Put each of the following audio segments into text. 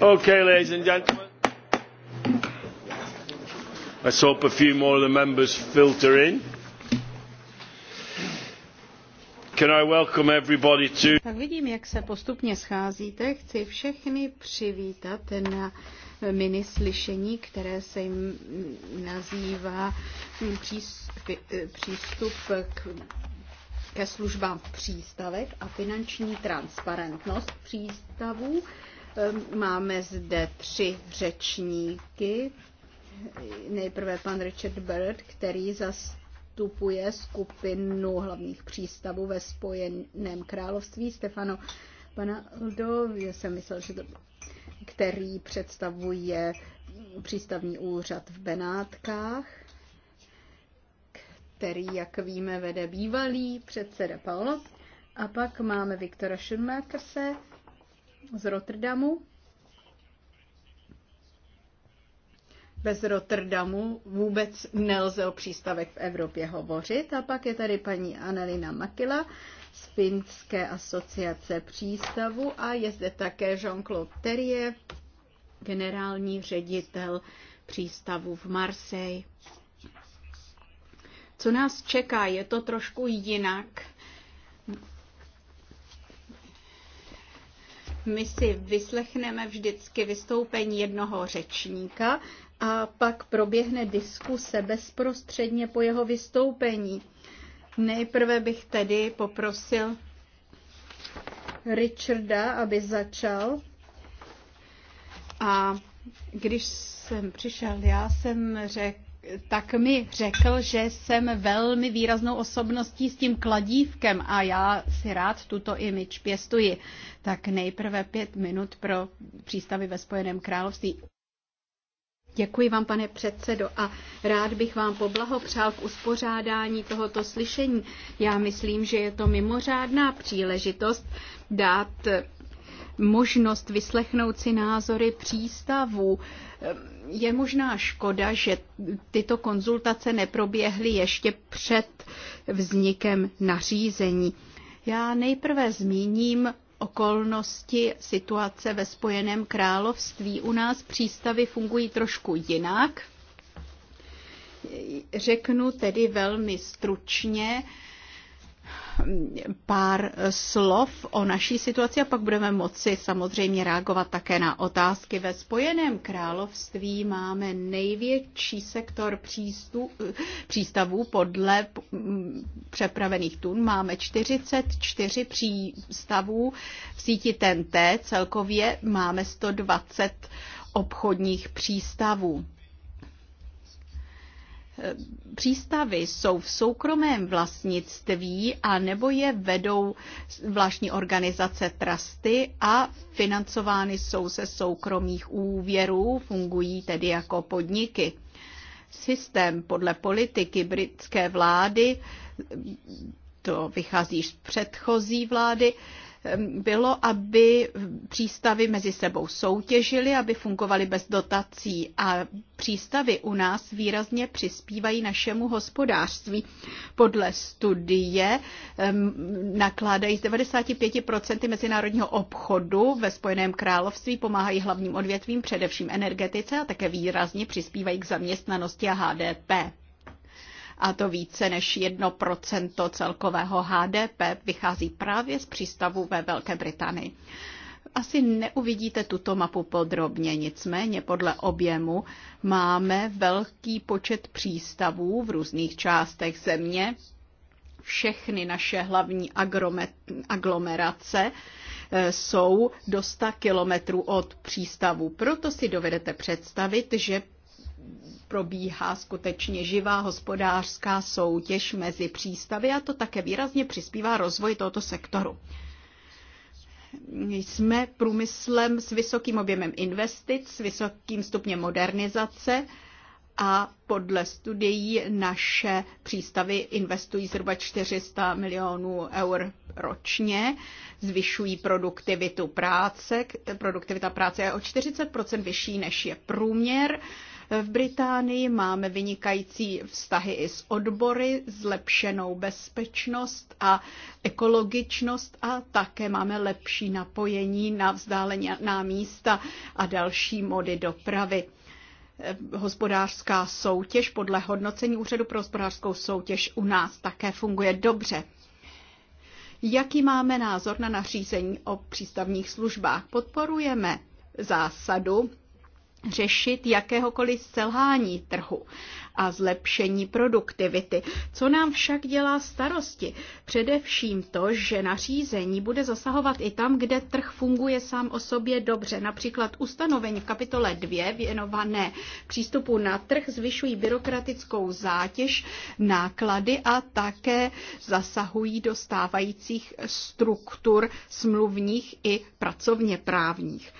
Okay, ladies and gentlemen. Let's hope a few more of the members filter in. Can I welcome everybody to... Tak vidím, jak se postupně scházíte. Chci všechny přivítat na mini slyšení, které se jim nazývá komplexní přístup k, ke službám v přístavech a finanční transparentnost přístavů. Máme zde tři řečníky. Nejprve pan Richard Bird, který zastupuje skupinu hlavních přístavů ve Spojeném království. Stefano Panaldo, já jsem myslel, že to, který představuje přístavní úřad v Benátkách který, jak víme, vede bývalý předseda Paolo. A pak máme Viktora Schumacherse z Rotterdamu. Bez Rotterdamu vůbec nelze o přístavech v Evropě hovořit. A pak je tady paní Anelina Makila z Finské asociace přístavu a je zde také Jean-Claude Terrier, generální ředitel přístavu v Marseille co nás čeká. Je to trošku jinak. My si vyslechneme vždycky vystoupení jednoho řečníka a pak proběhne diskuse bezprostředně po jeho vystoupení. Nejprve bych tedy poprosil Richarda, aby začal. A když jsem přišel, já jsem řekl, tak mi řekl, že jsem velmi výraznou osobností s tím kladívkem a já si rád tuto imič pěstuji. Tak nejprve pět minut pro přístavy ve Spojeném království. Děkuji vám, pane předsedo, a rád bych vám poblahopřál k uspořádání tohoto slyšení. Já myslím, že je to mimořádná příležitost dát možnost vyslechnout si názory přístavů je možná škoda, že tyto konzultace neproběhly ještě před vznikem nařízení. Já nejprve zmíním okolnosti situace ve Spojeném království. U nás přístavy fungují trošku jinak. Řeknu tedy velmi stručně, pár slov o naší situaci a pak budeme moci samozřejmě reagovat také na otázky. Ve Spojeném království máme největší sektor přístu, přístavů podle přepravených tun. Máme 44 přístavů v síti TNT, celkově máme 120 obchodních přístavů přístavy jsou v soukromém vlastnictví a nebo je vedou zvláštní organizace trusty a financovány jsou se soukromých úvěrů, fungují tedy jako podniky. Systém podle politiky britské vlády, to vychází z předchozí vlády, bylo, aby přístavy mezi sebou soutěžily, aby fungovaly bez dotací a přístavy u nás výrazně přispívají našemu hospodářství. Podle studie nakládají z 95% mezinárodního obchodu ve Spojeném království, pomáhají hlavním odvětvím, především energetice a také výrazně přispívají k zaměstnanosti a HDP a to více než 1% celkového HDP vychází právě z přístavů ve Velké Británii. Asi neuvidíte tuto mapu podrobně, nicméně podle objemu máme velký počet přístavů v různých částech země, všechny naše hlavní aglomerace eh, jsou do 100 kilometrů od přístavu. Proto si dovedete představit, že probíhá skutečně živá hospodářská soutěž mezi přístavy a to také výrazně přispívá rozvoji tohoto sektoru. Jsme průmyslem s vysokým objemem investic, s vysokým stupněm modernizace a podle studií naše přístavy investují zhruba 400 milionů eur ročně, zvyšují produktivitu práce, produktivita práce je o 40 vyšší než je průměr v Británii máme vynikající vztahy i s odbory, zlepšenou bezpečnost a ekologičnost a také máme lepší napojení na vzdálená místa a další mody dopravy hospodářská soutěž podle hodnocení Úřadu pro hospodářskou soutěž u nás také funguje dobře. Jaký máme názor na nařízení o přístavních službách? Podporujeme zásadu řešit jakéhokoliv selhání trhu a zlepšení produktivity. Co nám však dělá starosti? Především to, že nařízení bude zasahovat i tam, kde trh funguje sám o sobě dobře. Například ustanovení v kapitole 2 věnované přístupu na trh zvyšují byrokratickou zátěž, náklady a také zasahují do stávajících struktur smluvních i pracovně právních.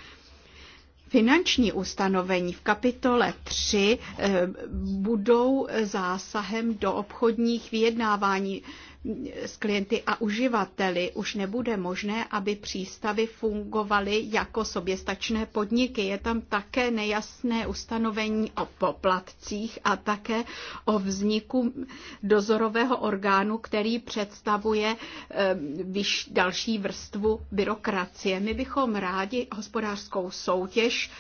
Finanční ustanovení v kapitole 3 eh, budou zásahem do obchodních vyjednávání s klienty a uživateli. Už nebude možné, aby přístavy fungovaly jako soběstačné podniky. Je tam také nejasné ustanovení o poplatcích a také o vzniku dozorového orgánu, který představuje eh, další vrstvu byrokracie. My bychom rádi hospodářskou soutěž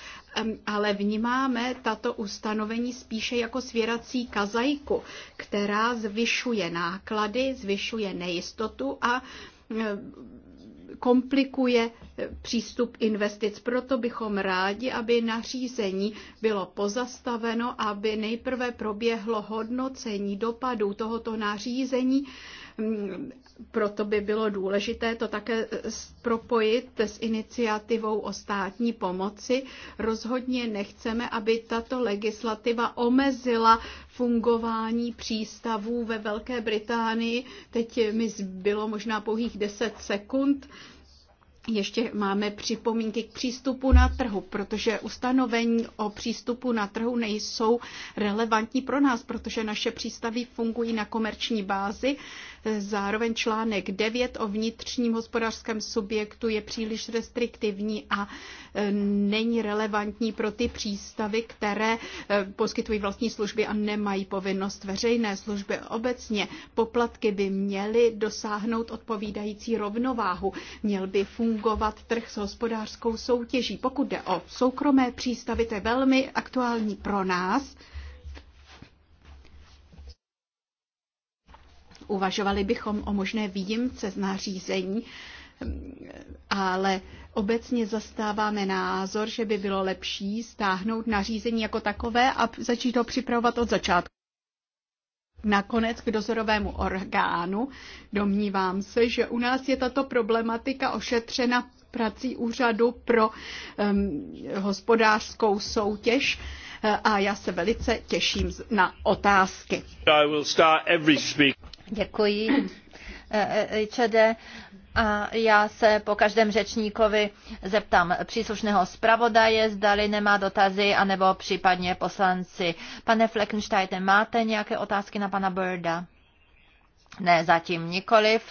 ale vnímáme tato ustanovení spíše jako svěrací kazajku, která zvyšuje náklady, zvyšuje nejistotu a e, komplikuje e, přístup investic. Proto bychom rádi, aby nařízení bylo pozastaveno, aby nejprve proběhlo hodnocení dopadů tohoto nařízení proto by bylo důležité to také eh, propojit s iniciativou o státní pomoci. Rozhodně nechceme, aby tato legislativa omezila fungování přístavů ve Velké Británii. Teď eh, mi zbylo možná pouhých 10 sekund. Ještě máme připomínky k přístupu na trhu, protože ustanovení o přístupu na trhu nejsou relevantní pro nás, protože naše přístavy fungují na komerční bázi Zároveň článek 9 o vnitřním hospodářském subjektu je příliš restriktivní a e, není relevantní pro ty přístavy, které e, poskytují vlastní služby a nemají povinnost veřejné služby. Obecně poplatky by měly dosáhnout odpovídající rovnováhu. Měl by fungovat trh s hospodářskou soutěží. Pokud jde o soukromé přístavy, to je velmi aktuální pro nás, Uvažovali bychom o možné výjimce z nařízení, ale obecně zastáváme názor, že by bylo lepší stáhnout nařízení jako takové a začít ho připravovat od začátku. Nakonec k dozorovému orgánu. Domnívám se, že u nás je tato problematika ošetřena prací úřadu pro um, hospodářskou soutěž eh, a já se velice těším na otázky. Děkuji, Čede. Eh, eh, A já se po každém řečníkovi zeptám příslušného zpravodaje, zdali nemá dotazy, anebo případně poslanci. Pane Fleckenstein, máte nějaké otázky na pana Birda? Ne, zatím nikoliv.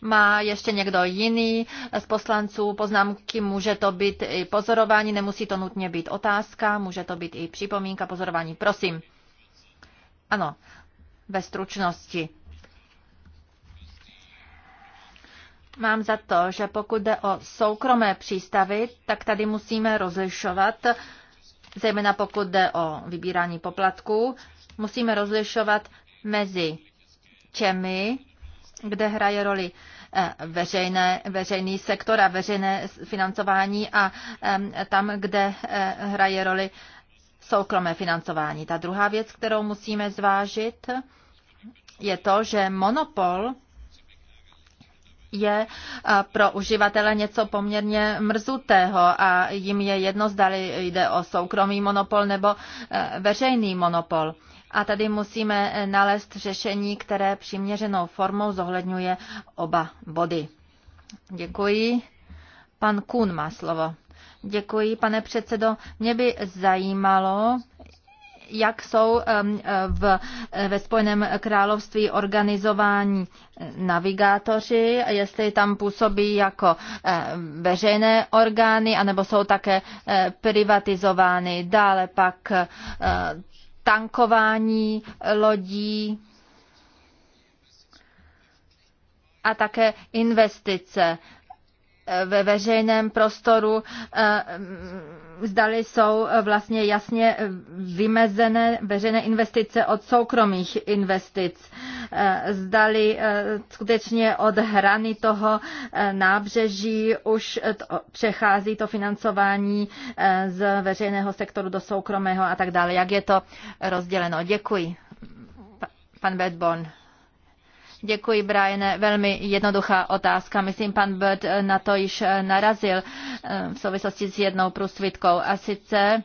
Má ještě někdo jiný z poslanců poznámky? Může to být i pozorování, nemusí to nutně být otázka, může to být i připomínka, pozorování. Prosím. Ano, ve stručnosti. Mám za to, že pokud jde o soukromé přístavy, tak tady musíme rozlišovat, zejména pokud jde o vybírání poplatků, musíme rozlišovat mezi těmi, kde hraje roli eh, veřejné, veřejný sektor a veřejné financování a tam, kde eh, hraje roli soukromé financování. Ta druhá věc, kterou musíme zvážit, je to, že monopol je eh, pro uživatele něco poměrně mrzutého a jim je jedno, zdali jde o soukromý monopol nebo eh, veřejný monopol. A tady musíme eh, nalézt řešení, které přiměřenou formou zohledňuje oba body. Děkuji. Pan Kuhn má slovo. Děkuji, pane předsedo. Mě by zajímalo, jak jsou um, uh, v, eh, ve Spojeném království organizováni navigátoři, jestli tam působí jako eh, veřejné orgány, anebo jsou také eh, privatizovány. Dále pak tankování lodí a také investice ve veřejném prostoru, eh, mm, zdali jsou vlastně jasně vymezené veřejné investice od soukromých investic, eh, zdali eh, skutečně od hrany toho nábřeží už to přechází to financování z veřejného sektoru do soukromého a tak dále. Jak je to rozděleno? Děkuji. Pan Bedborn. Děkuji, Brian. Velmi jednoduchá otázka. Myslím, pan Bird na to již narazil eh, v souvislosti s jednou průsvitkou. A sice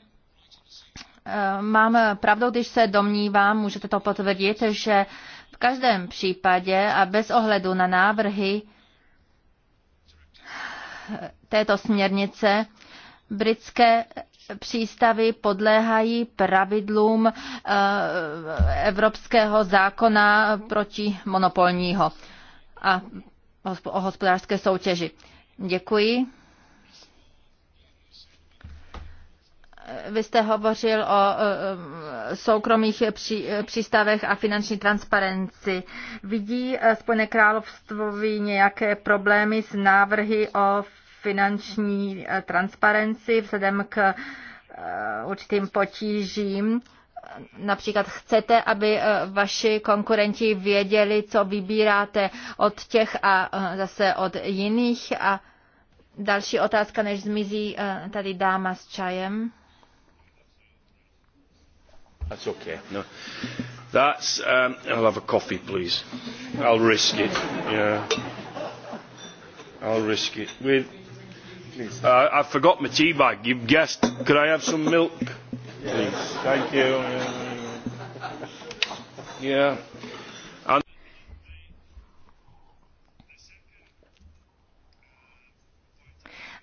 eh, mám pravdu, když se domnívám, můžete to potvrdit, že v každém případě a bez ohledu na návrhy této směrnice britské přístavy podléhají pravidlům eh, evropského zákona proti monopolního a o hospodářské soutěži. Děkuji. Vy jste hovořil o eh, soukromých přístavech a finanční transparenci. Vidí eh, Spojené království nějaké problémy s návrhy o finanční eh, transparenci vzhledem k eh, určitým potížím. Například chcete, aby eh, vaši konkurenti věděli, co vybíráte od těch a zase od jiných. A další otázka, než zmizí tady dáma s čajem. That's okay. No. That's. Um, I'll have a coffee, please. I'll risk it. Yeah. I'll risk it. With please. Uh, I forgot my tea bag. You've guessed. Could I have some milk? Please. Thank you. Yeah. And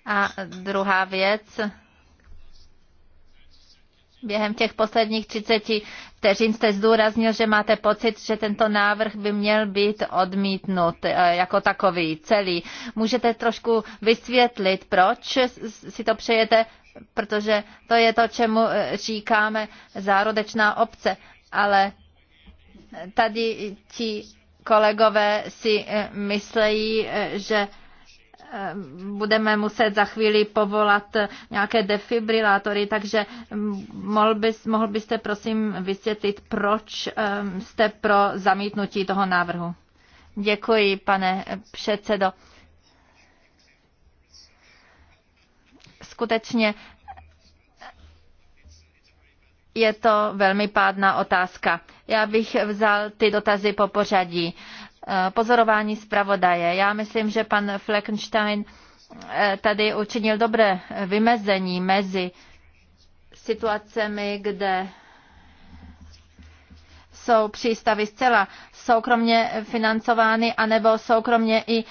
A druhá věc, Během těch posledních 30 vteřin jste zdůraznil, že máte pocit, že tento návrh by měl být odmítnut eh, jako takový celý. Můžete trošku vysvětlit, proč si to přejete, protože to je to, čemu eh, říkáme zárodečná obce, ale tady ti kolegové si eh, myslejí, že Ehm, budeme muset za chvíli povolat nějaké defibrilátory, takže ehm, mohl, bys, mohl byste prosím vysvětlit, proč ehm, jste pro zamítnutí toho návrhu. Děkuji, pane předsedo. Skutečně je to velmi pádná otázka. Já bych vzal ty dotazy po pořadí. Eh, pozorování zpravodaje. Já myslím, že pan Fleckenstein eh, tady učinil dobré eh, vymezení mezi situacemi, kde jsou přístavy zcela soukromně financovány anebo soukromně i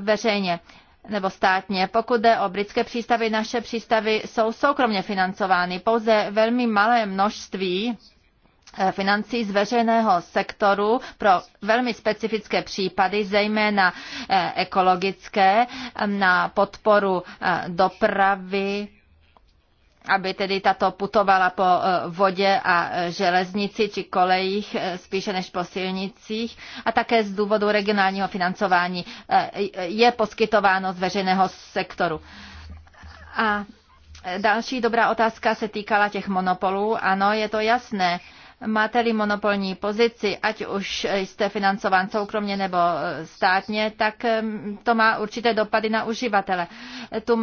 veřejně nebo státně. Pokud jde o britské přístavy, naše přístavy jsou soukromně financovány. Pouze velmi malé množství Eh, financí z veřejného sektoru pro velmi specifické případy, zejména eh, ekologické, na podporu eh, dopravy, aby tedy tato putovala po vodě a železnici či kolejích spíše než po silnicích a také z důvodu regionálního financování je poskytováno z veřejného sektoru. A další dobrá otázka se týkala těch monopolů. Ano, je to jasné Máte-li monopolní pozici, ať už jste financován soukromně nebo eh, státně, tak eh, to má určité dopady na uživatele. Tu,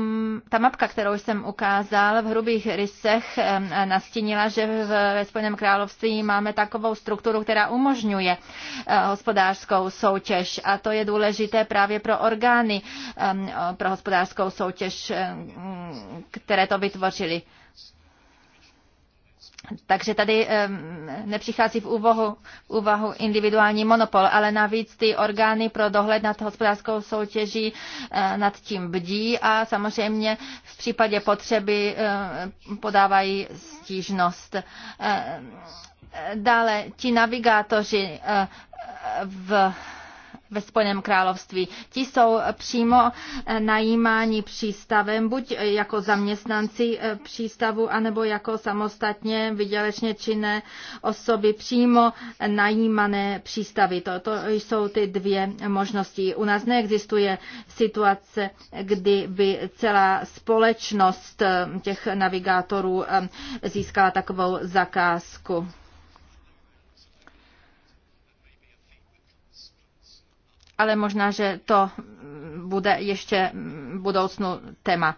ta mapka, kterou jsem ukázal, v hrubých rysech eh, nastínila, že ve Spojeném království máme takovou strukturu, která umožňuje hospodářskou soutěž a to je důležité právě pro orgány pro hospodářskou soutěž, které to vytvořili. Takže tady nepřichází v úvahu, v úvahu individuální monopol, ale navíc ty orgány pro dohled nad hospodářskou soutěží eh, nad tím bdí a samozřejmě v případě potřeby eh, podávají stížnost. Eh, dále ti navigátoři v ve Spojeném království. Ti jsou přímo eh, najímáni přístavem, buď eh, jako zaměstnanci eh, přístavu, anebo jako samostatně vydělečně činné osoby přímo najímané přístavy. To, to jsou ty dvě možnosti. U nás neexistuje situace, kdy by celá společnost těch navigátorů získala takovou zakázku. ale možná, že to bude ještě v budoucnu téma.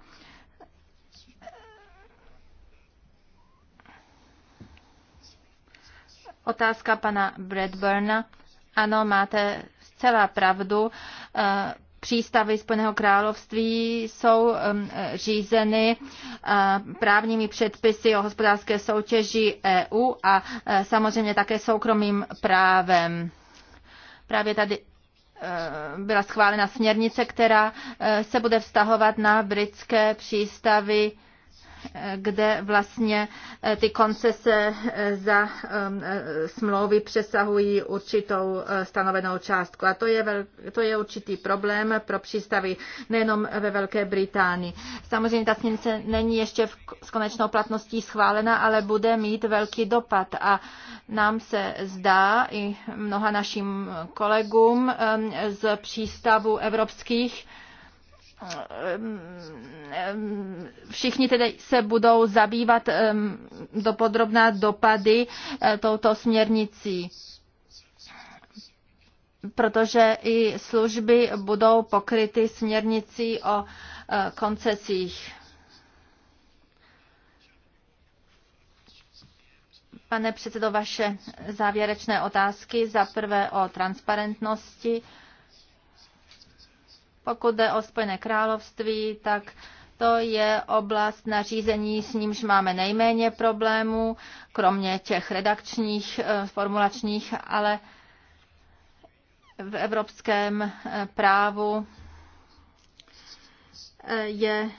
Otázka pana Bradburna. Ano, máte zcela pravdu. Eh, přístavy Spojeného království jsou řízeny eh, právními předpisy o hospodářské soutěži EU a eh, samozřejmě také soukromým právem. Právě tady Eh, byla schválena směrnice, která eh, se bude vztahovat na britské přístavy kde vlastně eh, ty koncese eh, za eh, smlouvy přesahují určitou stanovenou částku. A to je, vel, to je určitý problém pro přístavy nejenom ve Velké Británii. Samozřejmě ta směrnice není ještě v, s konečnou platností schválena, ale bude mít velký dopad. A nám se zdá i mnoha našim kolegům z přístavů evropských, Ehm, ehm, všichni tedy se budou zabývat ehm, podrobná dopady eh, touto směrnicí protože i služby budou pokryty směrnicí o eh, koncesích. Pane předsedo, vaše závěrečné otázky. Za prvé o transparentnosti. Pokud jde o Spojené království, tak to je oblast nařízení, s nímž máme nejméně problémů, kromě těch redakčních, eh, formulačních, ale v evropském eh, právu eh, je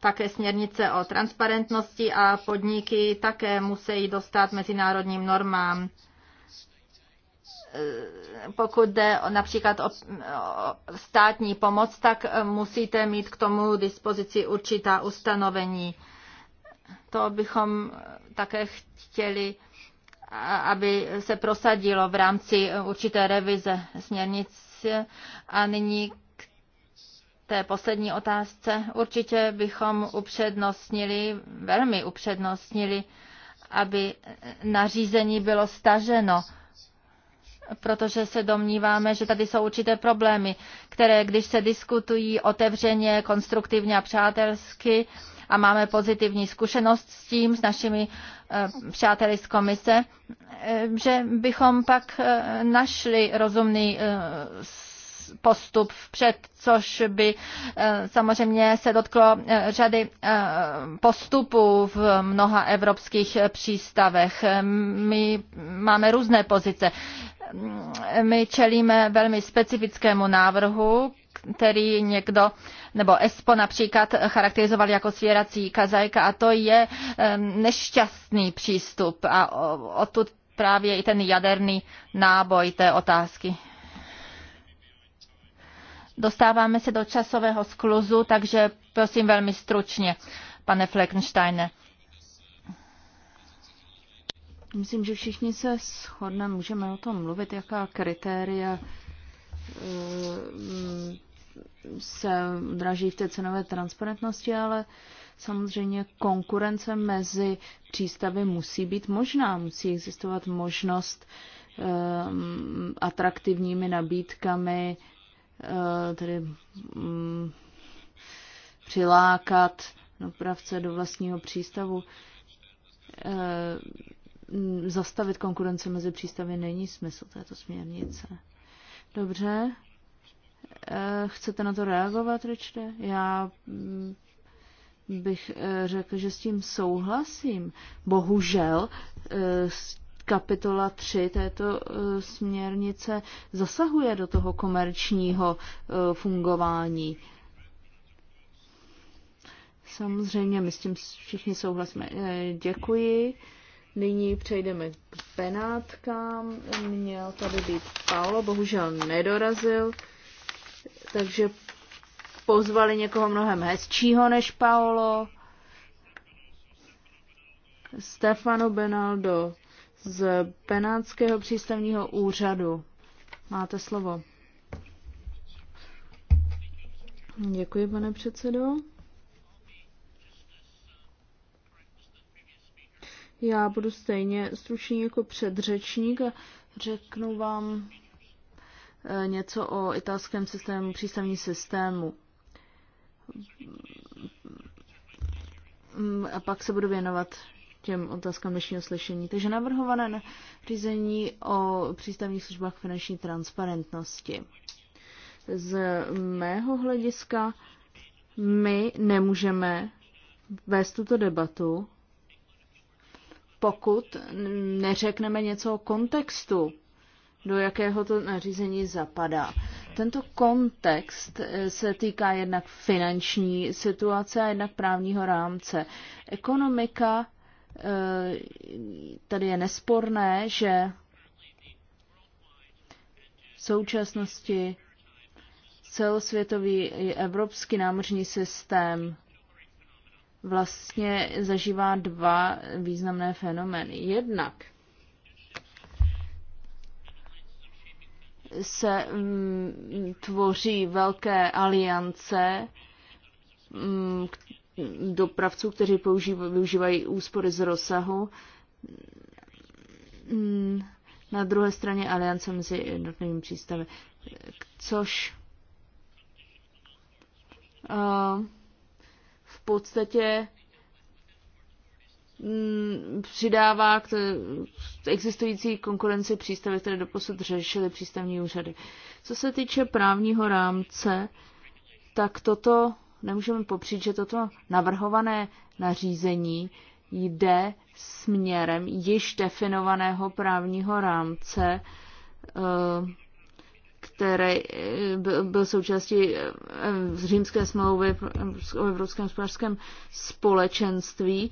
také směrnice o transparentnosti a podniky také musí dostat mezinárodním normám. Eh, pokud jde například o státní pomoc, tak eh, musíte mít k tomu dispozici určitá ustanovení. To bychom eh, také chtěli, aby se prosadilo v rámci určité revize směrnice. A nyní k té poslední otázce. Určitě bychom upřednostnili, velmi upřednostnili, aby nařízení bylo staženo protože se domníváme, že tady jsou určité problémy, které když se diskutují otevřeně, konstruktivně a přátelsky a máme pozitivní zkušenost s tím, s našimi eh, přáteli z komise, eh, že bychom pak eh, našli rozumný postup vpřed, což by eh, samozřejmě se dotklo eh, řady eh, postupů v mnoha evropských přístavech. My máme různé pozice. My čelíme velmi specifickému návrhu, který někdo, nebo ESPO například, charakterizoval jako svěrací kazajka a to je nešťastný přístup a odtud právě i ten jaderný náboj té otázky. Dostáváme se do časového skluzu, takže prosím velmi stručně, pane Fleckensteine. Myslím, že všichni se shodneme, můžeme o tom mluvit, jaká kritéria eh, mm, se draží v té cenové transparentnosti, ale samozřejmě konkurence mezi přístavy musí být možná, musí existovat možnost eh, mm, atraktivními nabídkami Eh, tedy mm, přilákat dopravce do vlastního přístavu. Eh, mm, zastavit konkurence mezi přístavy není smysl této směrnice. Dobře. Eh, chcete na to reagovat, Richarde? Já mm, bych řekl, že s tím souhlasím. Bohužel s kapitola 3 této e, směrnice zasahuje do toho komerčního e, fungování. Samozřejmě, my s tím všichni souhlasíme. E, děkuji. Nyní přejdeme k penátkám. Měl tady být Paolo, bohužel nedorazil, takže pozvali někoho mnohem hezčího než Paolo. Stefano Benaldo z Benátského přístavního úřadu. Máte slovo. Děkuji, pane předsedo. Já budu stejně stručný jako předřečník a řeknu vám eh, něco o italském systému, přístavní systému. Mm, a pak se budu věnovat těm otázkám dnešního slyšení. Takže navrhované řízení o přístavních službách finanční transparentnosti. Z mého hlediska my nemůžeme vést tuto debatu, pokud neřekneme něco o kontextu, do jakého to nařízení zapadá. Tento kontext se týká jednak finanční situace a jednak právního rámce. Ekonomika Eh, tady je nesporné, že v současnosti celosvětový i evropský námořní systém vlastně zažívá dva významné fenomény. Jednak se mm, tvoří velké aliance, mm, dopravců, kteří používají, využívají úspory z rozsahu. Mm, na druhé straně aliance mezi jednotlivými přístavy, což v podstatě mm, přidává k existující konkurenci přístavy, které doposud řešily přístavní úřady. Co se týče právního rámce, tak toto nemůžeme popřít, že toto navrhované nařízení jde směrem již definovaného právního rámce, eh, který eh, byl součástí z eh, římské smlouvy o Evropském hospodářském společenství,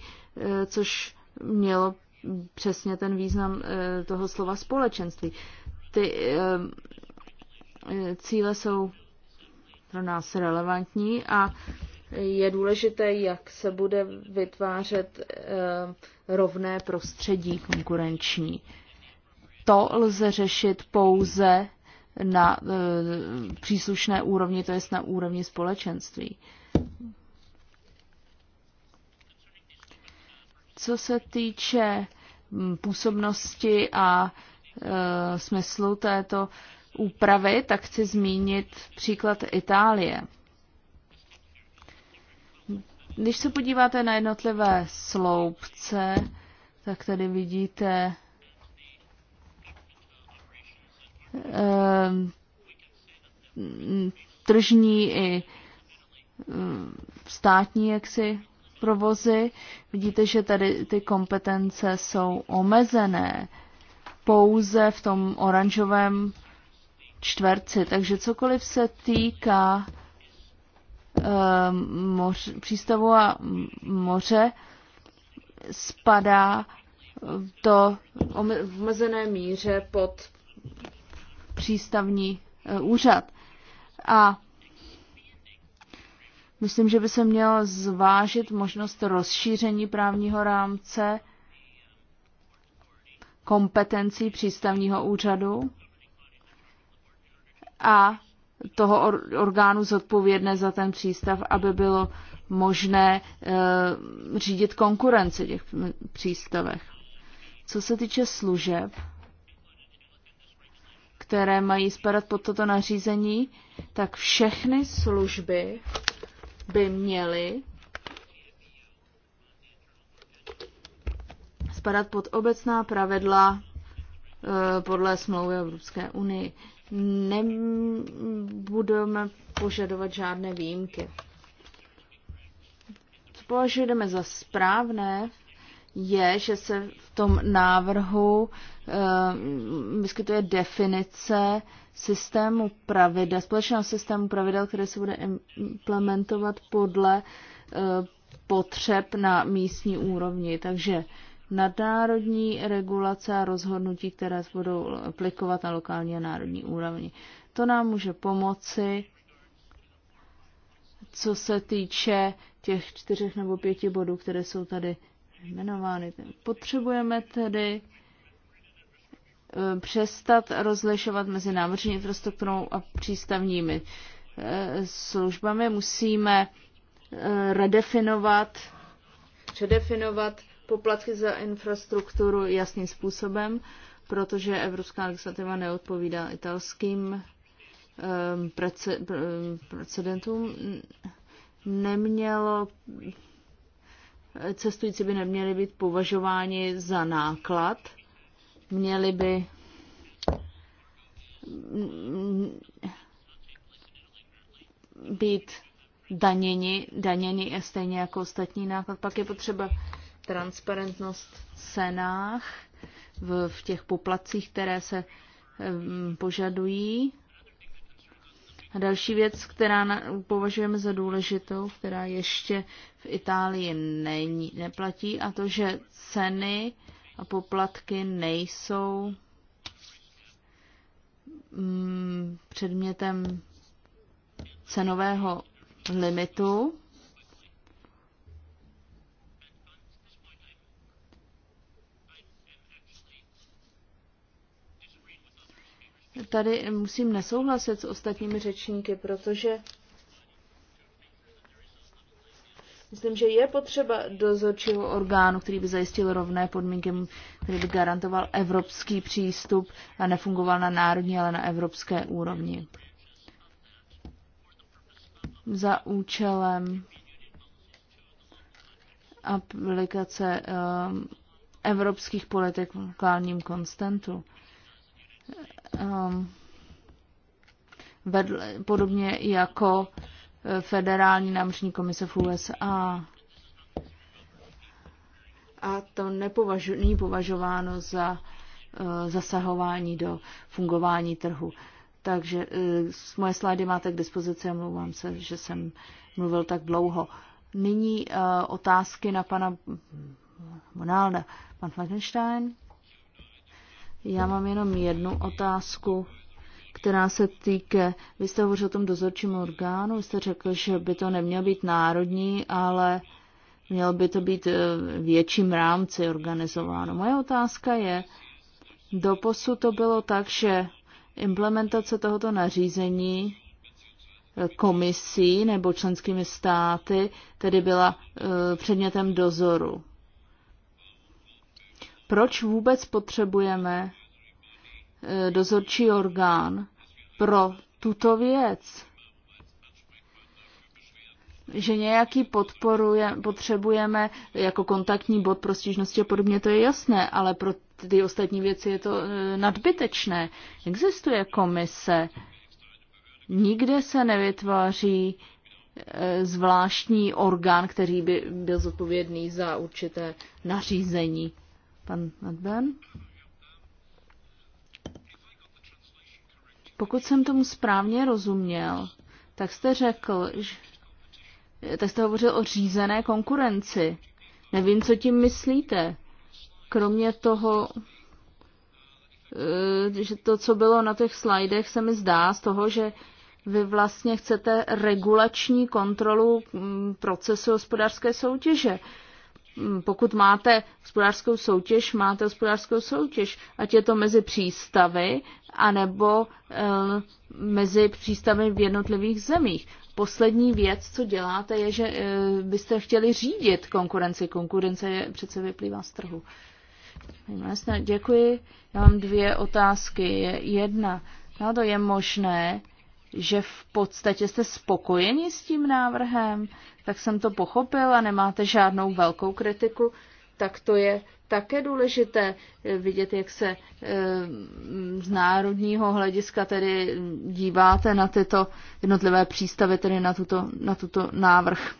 což mělo přesně ten význam toho slova společenství. Ty cíle jsou pro nás relevantní a je důležité, jak se bude vytvářet eh, rovné prostředí konkurenční. To lze řešit pouze na eh, příslušné úrovni, to je na úrovni společenství. Co se týče hm, působnosti a e, smyslu této úpravy, tak chci zmínit příklad Itálie. Když se podíváte na jednotlivé sloupce, tak tady vidíte ehm, tržní i ehm, státní jaksi provozy. Vidíte, že tady ty kompetence jsou omezené pouze v tom oranžovém čtverci. Takže cokoliv se týká eh, moř, přístavu a moře, spadá to v omezené míře pod přístavní eh, úřad. A myslím, že by se mělo zvážit možnost rozšíření právního rámce kompetencí přístavního úřadu a toho or, orgánu zodpovědné za ten přístav, aby bylo možné e, řídit konkurenci těch přístavech. Co se týče služeb, které mají spadat pod toto nařízení, tak všechny služby by měly spadat pod obecná pravidla eh, podle smlouvy Evropské unii nebudeme požadovat žádné výjimky. Co považujeme za správné, je, že se v tom návrhu e, vyskytuje definice systému pravidel, společného systému pravidel, které se bude implementovat podle e, potřeb na místní úrovni. Takže nadnárodní regulace a rozhodnutí, které se budou aplikovat na lokální a národní úrovni. To nám může pomoci, co se týče těch čtyřech nebo pěti bodů, které jsou tady jmenovány. Potřebujeme tedy eh, přestat rozlišovat mezi námořní infrastrukturou a přístavními eh, službami. Musíme eh, redefinovat, předefinovat poplatky za infrastrukturu jasným způsobem, protože evropská legislativa neodpovídá italským um, prece, um, precedentům. Nemělo, cestující by neměli být považováni za náklad, měli by být daněni, daněni stejně jako ostatní náklad. Pak je potřeba transparentnost v cenách, v, v těch poplacích, které se požadují. A další věc, která na, považujeme za důležitou, která ještě v Itálii není, neplatí, a to, že ceny a poplatky nejsou um, předmětem cenového limitu. tady musím nesouhlasit s ostatními řečníky, protože myslím, že je potřeba dozorčího orgánu, který by zajistil rovné podmínky, který by garantoval evropský přístup a nefungoval na národní, ale na evropské úrovni. Za účelem aplikace ehm, evropských politik v lokálním konstantu um, vedle, podobně jako eh, federální námořní komise v USA. A to nepovažu, není považováno za uh, zasahování do fungování trhu. Takže uh, moje slajdy máte k dispozici a mluvám se, že jsem mluvil tak dlouho. Nyní uh, otázky na pana Monálda. Pan Falkenstein. Já mám jenom jednu otázku, která se týká, vy jste hovořil o tom dozorčím orgánu, vy jste řekl, že by to nemělo být národní, ale mělo by to být eh, větším rámci organizováno. Moje otázka je, do posu to bylo tak, že implementace tohoto nařízení eh, komisí nebo členskými státy tedy byla eh, předmětem dozoru. Proč vůbec potřebujeme Eh, dozorčí orgán pro tuto věc. Že nějaký podporuje, potřebujeme jako kontaktní bod pro stížnosti a podobně, to je jasné, ale pro ty ostatní věci je to eh, nadbytečné. Existuje komise, nikde se nevytváří eh, zvláštní orgán, který by byl zodpovědný za určité nařízení. Pan Nadben? Pokud jsem tomu správně rozuměl, tak jste řekl, že, tak jste hovořil o řízené konkurenci. Nevím, co tím myslíte. Kromě toho, eh, že to, co bylo na těch slajdech, se mi zdá z toho, že vy vlastně chcete regulační kontrolu mm, procesu hospodářské soutěže. Mm, pokud máte hospodářskou soutěž, máte hospodářskou soutěž, ať je to mezi přístavy, anebo e, mezi přístavy v jednotlivých zemích. Poslední věc, co děláte, je, že e, byste chtěli řídit konkurenci. Konkurence je, přece vyplývá z trhu. děkuji. Já mám dvě otázky. Jedna, no to je možné, že v podstatě jste spokojeni s tím návrhem, tak jsem to pochopil a nemáte žádnou velkou kritiku, tak to je také důležité eh, vidět, jak se eh, z národního hlediska tedy díváte na tyto jednotlivé přístavy, tedy na tuto, na tuto návrh.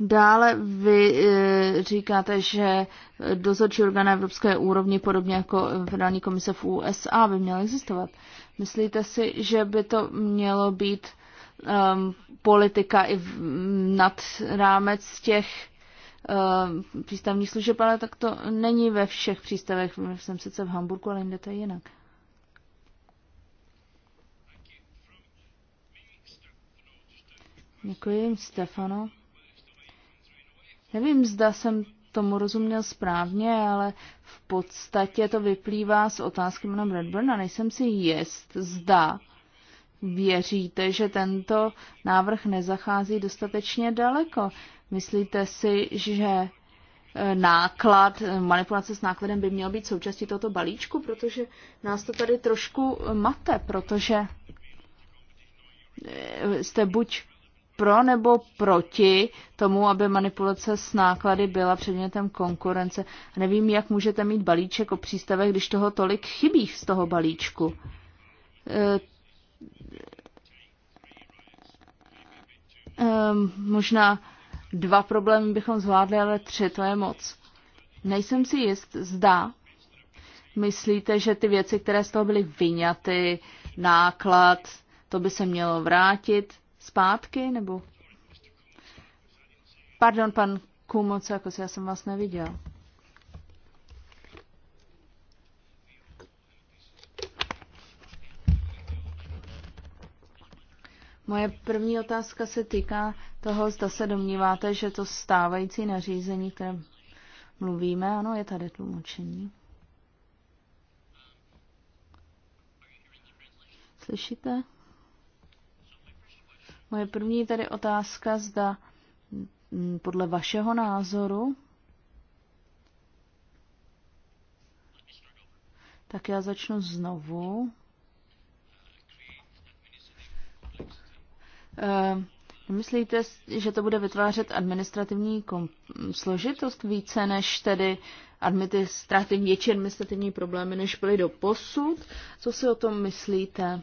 Dále vy eh, říkáte, že dozorčí orgány evropské úrovni, podobně jako federální komise v USA, by měly existovat. Myslíte si, že by to mělo být um, politika i v, nad rámec těch um, přístavních služeb, ale tak to není ve všech přístavech. Jsem sice v Hamburgu, ale jinde to je jinak. Děkuji, Stefano. Nevím, zda jsem tomu rozuměl správně, ale v podstatě to vyplývá z otázky Redburn a Nejsem si jist, zda věříte, že tento návrh nezachází dostatečně daleko. Myslíte si, že e, náklad, e, manipulace s nákladem by měl být součástí tohoto balíčku, protože nás to tady trošku mate, protože e, jste buď pro nebo proti tomu, aby manipulace s náklady byla předmětem konkurence. Nevím, jak můžete mít balíček o přístavech, když toho tolik chybí z toho balíčku. Eh, ehm, možná dva problémy bychom zvládli, ale tři to je moc. Nejsem si jist, zda myslíte, že ty věci, které z toho byly vyňaty, náklad, to by se mělo vrátit zpátky, nebo... Pardon, pan Kumoc, jako já jsem vás neviděl. Moje první otázka se týká toho, zda se domníváte, že to stávající nařízení, které mluvíme, ano, je tady tlumočení. Slyšíte? Moje první tady otázka, zda mm, podle vašeho názoru, tak já začnu znovu. Eh, myslíte, že to bude vytvářet administrativní složitost více než tedy administrativní, větší administrativní problémy, než byly do posud? Co si o tom myslíte?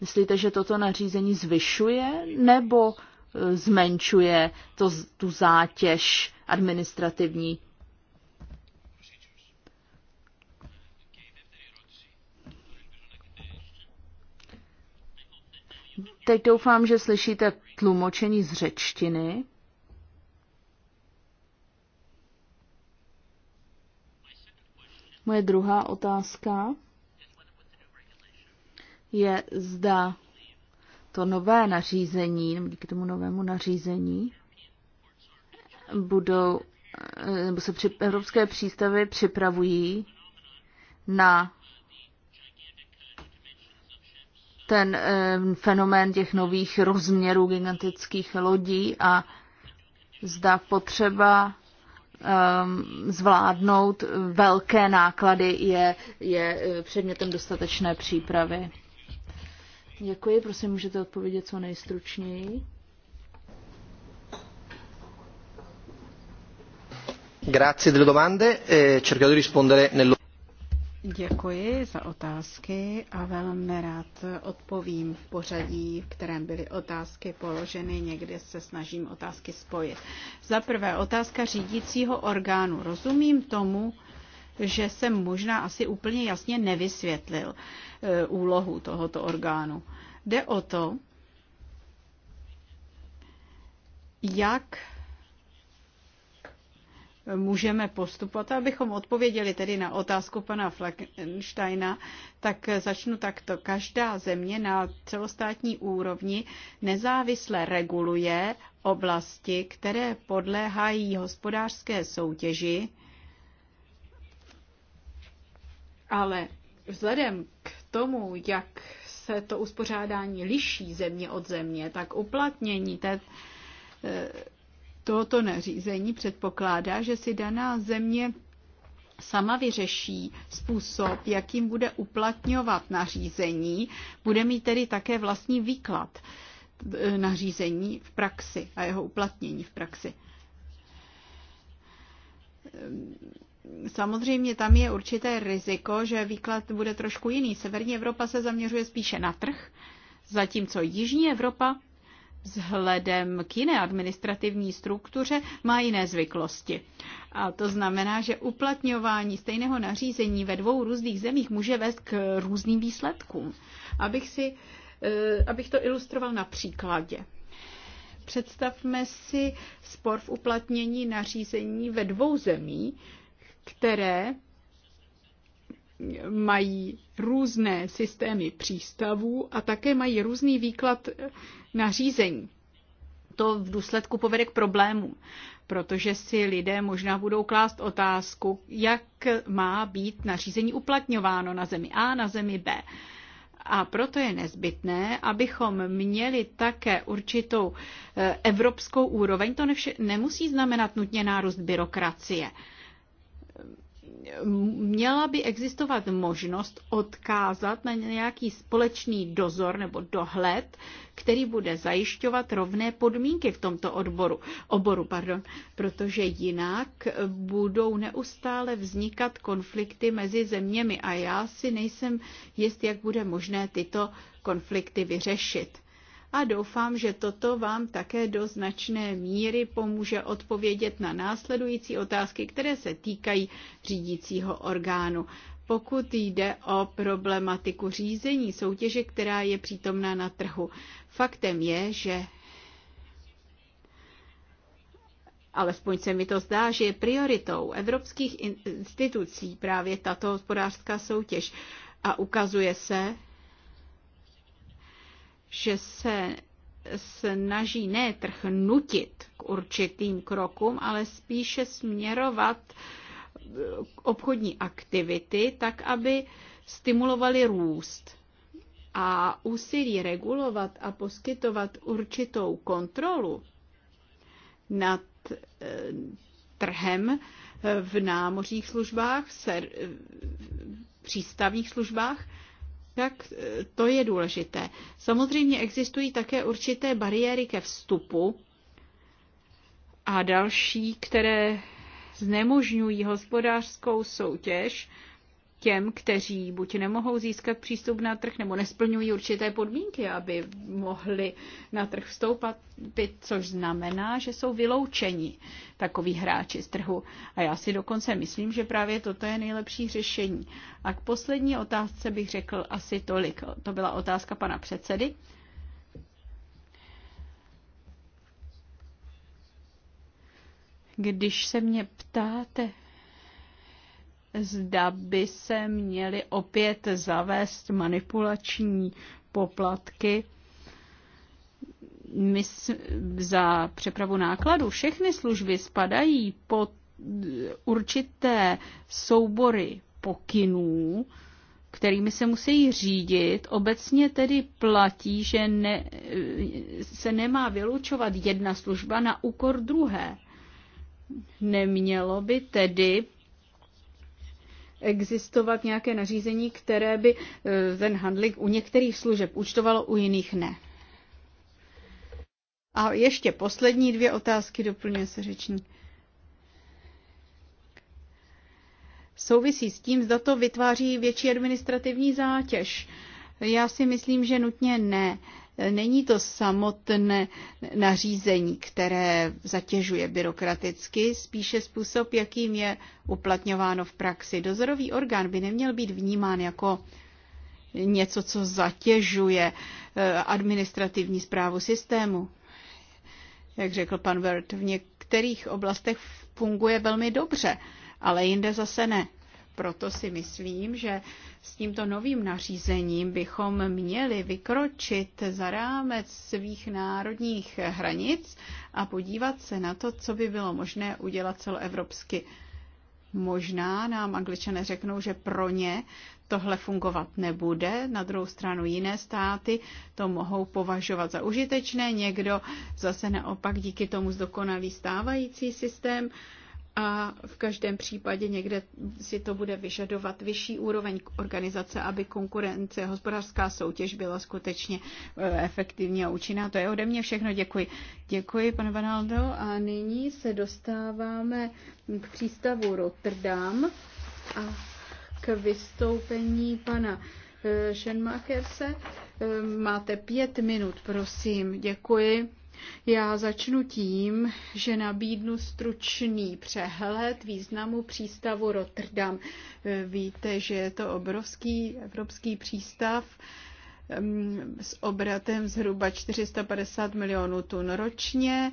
Myslíte, že toto nařízení zvyšuje nebo e, zmenšuje to, tu zátěž administrativní? Teď doufám, že slyšíte tlumočení z řečtiny. Moje druhá otázka je, zda to nové nařízení, nebo díky tomu novému nařízení, budou, nebo se při, evropské přístavy připravují na ten eh, fenomén těch nových rozměrů gigantických lodí a zda potřeba eh, zvládnout velké náklady je, je eh, předmětem dostatečné přípravy. Děkuji, prosím, můžete odpovědět co nejstručněji. Grazie delle domande, eh, cercherò di rispondere nello... Děkuji za otázky a velmi rád odpovím v pořadí, v kterém byly otázky položeny. Někde se snažím otázky spojit. Za prvé otázka řídícího orgánu. Rozumím tomu, že jsem možná asi úplně jasně nevysvětlil eh, úlohu tohoto orgánu. Jde o to, jak můžeme postupovat. Abychom odpověděli tedy na otázku pana Fleckensteina, tak začnu takto. Každá země na celostátní úrovni nezávisle reguluje oblasti, které podléhají hospodářské soutěži ale vzhledem k tomu, jak se to uspořádání liší země od země, tak uplatnění té, e, tohoto nařízení předpokládá, že si daná země sama vyřeší způsob, jakým bude uplatňovat nařízení, bude mít tedy také vlastní výklad e, nařízení v praxi a jeho uplatnění v praxi samozřejmě tam je určité riziko, že výklad bude trošku jiný. Severní Evropa se zaměřuje spíše na trh, zatímco Jižní Evropa vzhledem k jiné administrativní struktuře má jiné zvyklosti. A to znamená, že uplatňování stejného nařízení ve dvou různých zemích může vést k různým výsledkům. Abych, si, eh, abych to ilustroval na příkladě. Představme si spor v uplatnění nařízení ve dvou zemích, které mají různé systémy přístavů a také mají různý výklad nařízení. To v důsledku povede k problémům, protože si lidé možná budou klást otázku, jak má být nařízení uplatňováno na zemi A, na zemi B. A proto je nezbytné, abychom měli také určitou eh, evropskou úroveň. To nevše, nemusí znamenat nutně nárůst byrokracie měla by existovat možnost odkázat na nějaký společný dozor nebo dohled, který bude zajišťovat rovné podmínky v tomto odboru, oboru, pardon, protože jinak budou neustále vznikat konflikty mezi zeměmi a já si nejsem jist, jak bude možné tyto konflikty vyřešit a doufám, že toto vám také do značné míry pomůže odpovědět na následující otázky, které se týkají řídícího orgánu. Pokud jde o problematiku řízení soutěže, která je přítomná na trhu, faktem je, že alespoň se mi to zdá, že je prioritou evropských institucí právě tato hospodářská soutěž. A ukazuje se, že se snaží ne trh nutit k určitým krokům, ale spíše směrovat obchodní aktivity tak, aby stimulovali růst. A úsilí regulovat a poskytovat určitou kontrolu nad eh, trhem v námořních službách, v přístavních službách, tak e, to je důležité. Samozřejmě existují také určité bariéry ke vstupu a další, které znemožňují hospodářskou soutěž těm, kteří buď nemohou získat přístup na trh nebo nesplňují určité podmínky, aby mohli na trh vstoupat, což znamená, že jsou vyloučeni takoví hráči z trhu. A já si dokonce myslím, že právě toto je nejlepší řešení. A k poslední otázce bych řekl asi tolik. To byla otázka pana předsedy. Když se mě ptáte, zda by se měly opět zavést manipulační poplatky za přepravu nákladů. Všechny služby spadají pod určité soubory pokynů, kterými se musí řídit. Obecně tedy platí, že ne, se nemá vylučovat jedna služba na úkor druhé. Nemělo by tedy existovat nějaké nařízení, které by eh, ten handling u některých služeb účtovalo, u jiných ne. A ještě poslední dvě otázky doplňuje se řečník. Souvisí s tím, zda to vytváří větší administrativní zátěž. Já si myslím, že nutně ne. Není to samotné nařízení, které zatěžuje byrokraticky, spíše způsob, jakým je uplatňováno v praxi. Dozorový orgán by neměl být vnímán jako něco, co zatěžuje eh, administrativní zprávu systému. Jak řekl pan Wert, v některých oblastech funguje velmi dobře, ale jinde zase ne. Proto si myslím, že s tímto novým nařízením bychom měli vykročit za rámec svých národních hranic a podívat se na to, co by bylo možné udělat celoevropsky. Možná nám angličané řeknou, že pro ně tohle fungovat nebude. Na druhou stranu jiné státy to mohou považovat za užitečné. Někdo zase naopak díky tomu zdokonalý stávající systém. Uh, a v každém případě někde si to bude vyžadovat vyšší úroveň organizace, aby konkurence, hospodářská soutěž byla skutečně eh, efektivní a účinná. To je ode mě všechno. Děkuji. Děkuji, pane Vanaldo. A nyní se dostáváme k přístavu Rotterdam a k vystoupení pana eh, Schenmacherse. Eh, máte pět minut, prosím. Děkuji. Já začnu tím, že nabídnu stručný přehled významu přístavu Rotterdam. Víte, že je to obrovský evropský přístav s obratem zhruba 450 milionů tun ročně.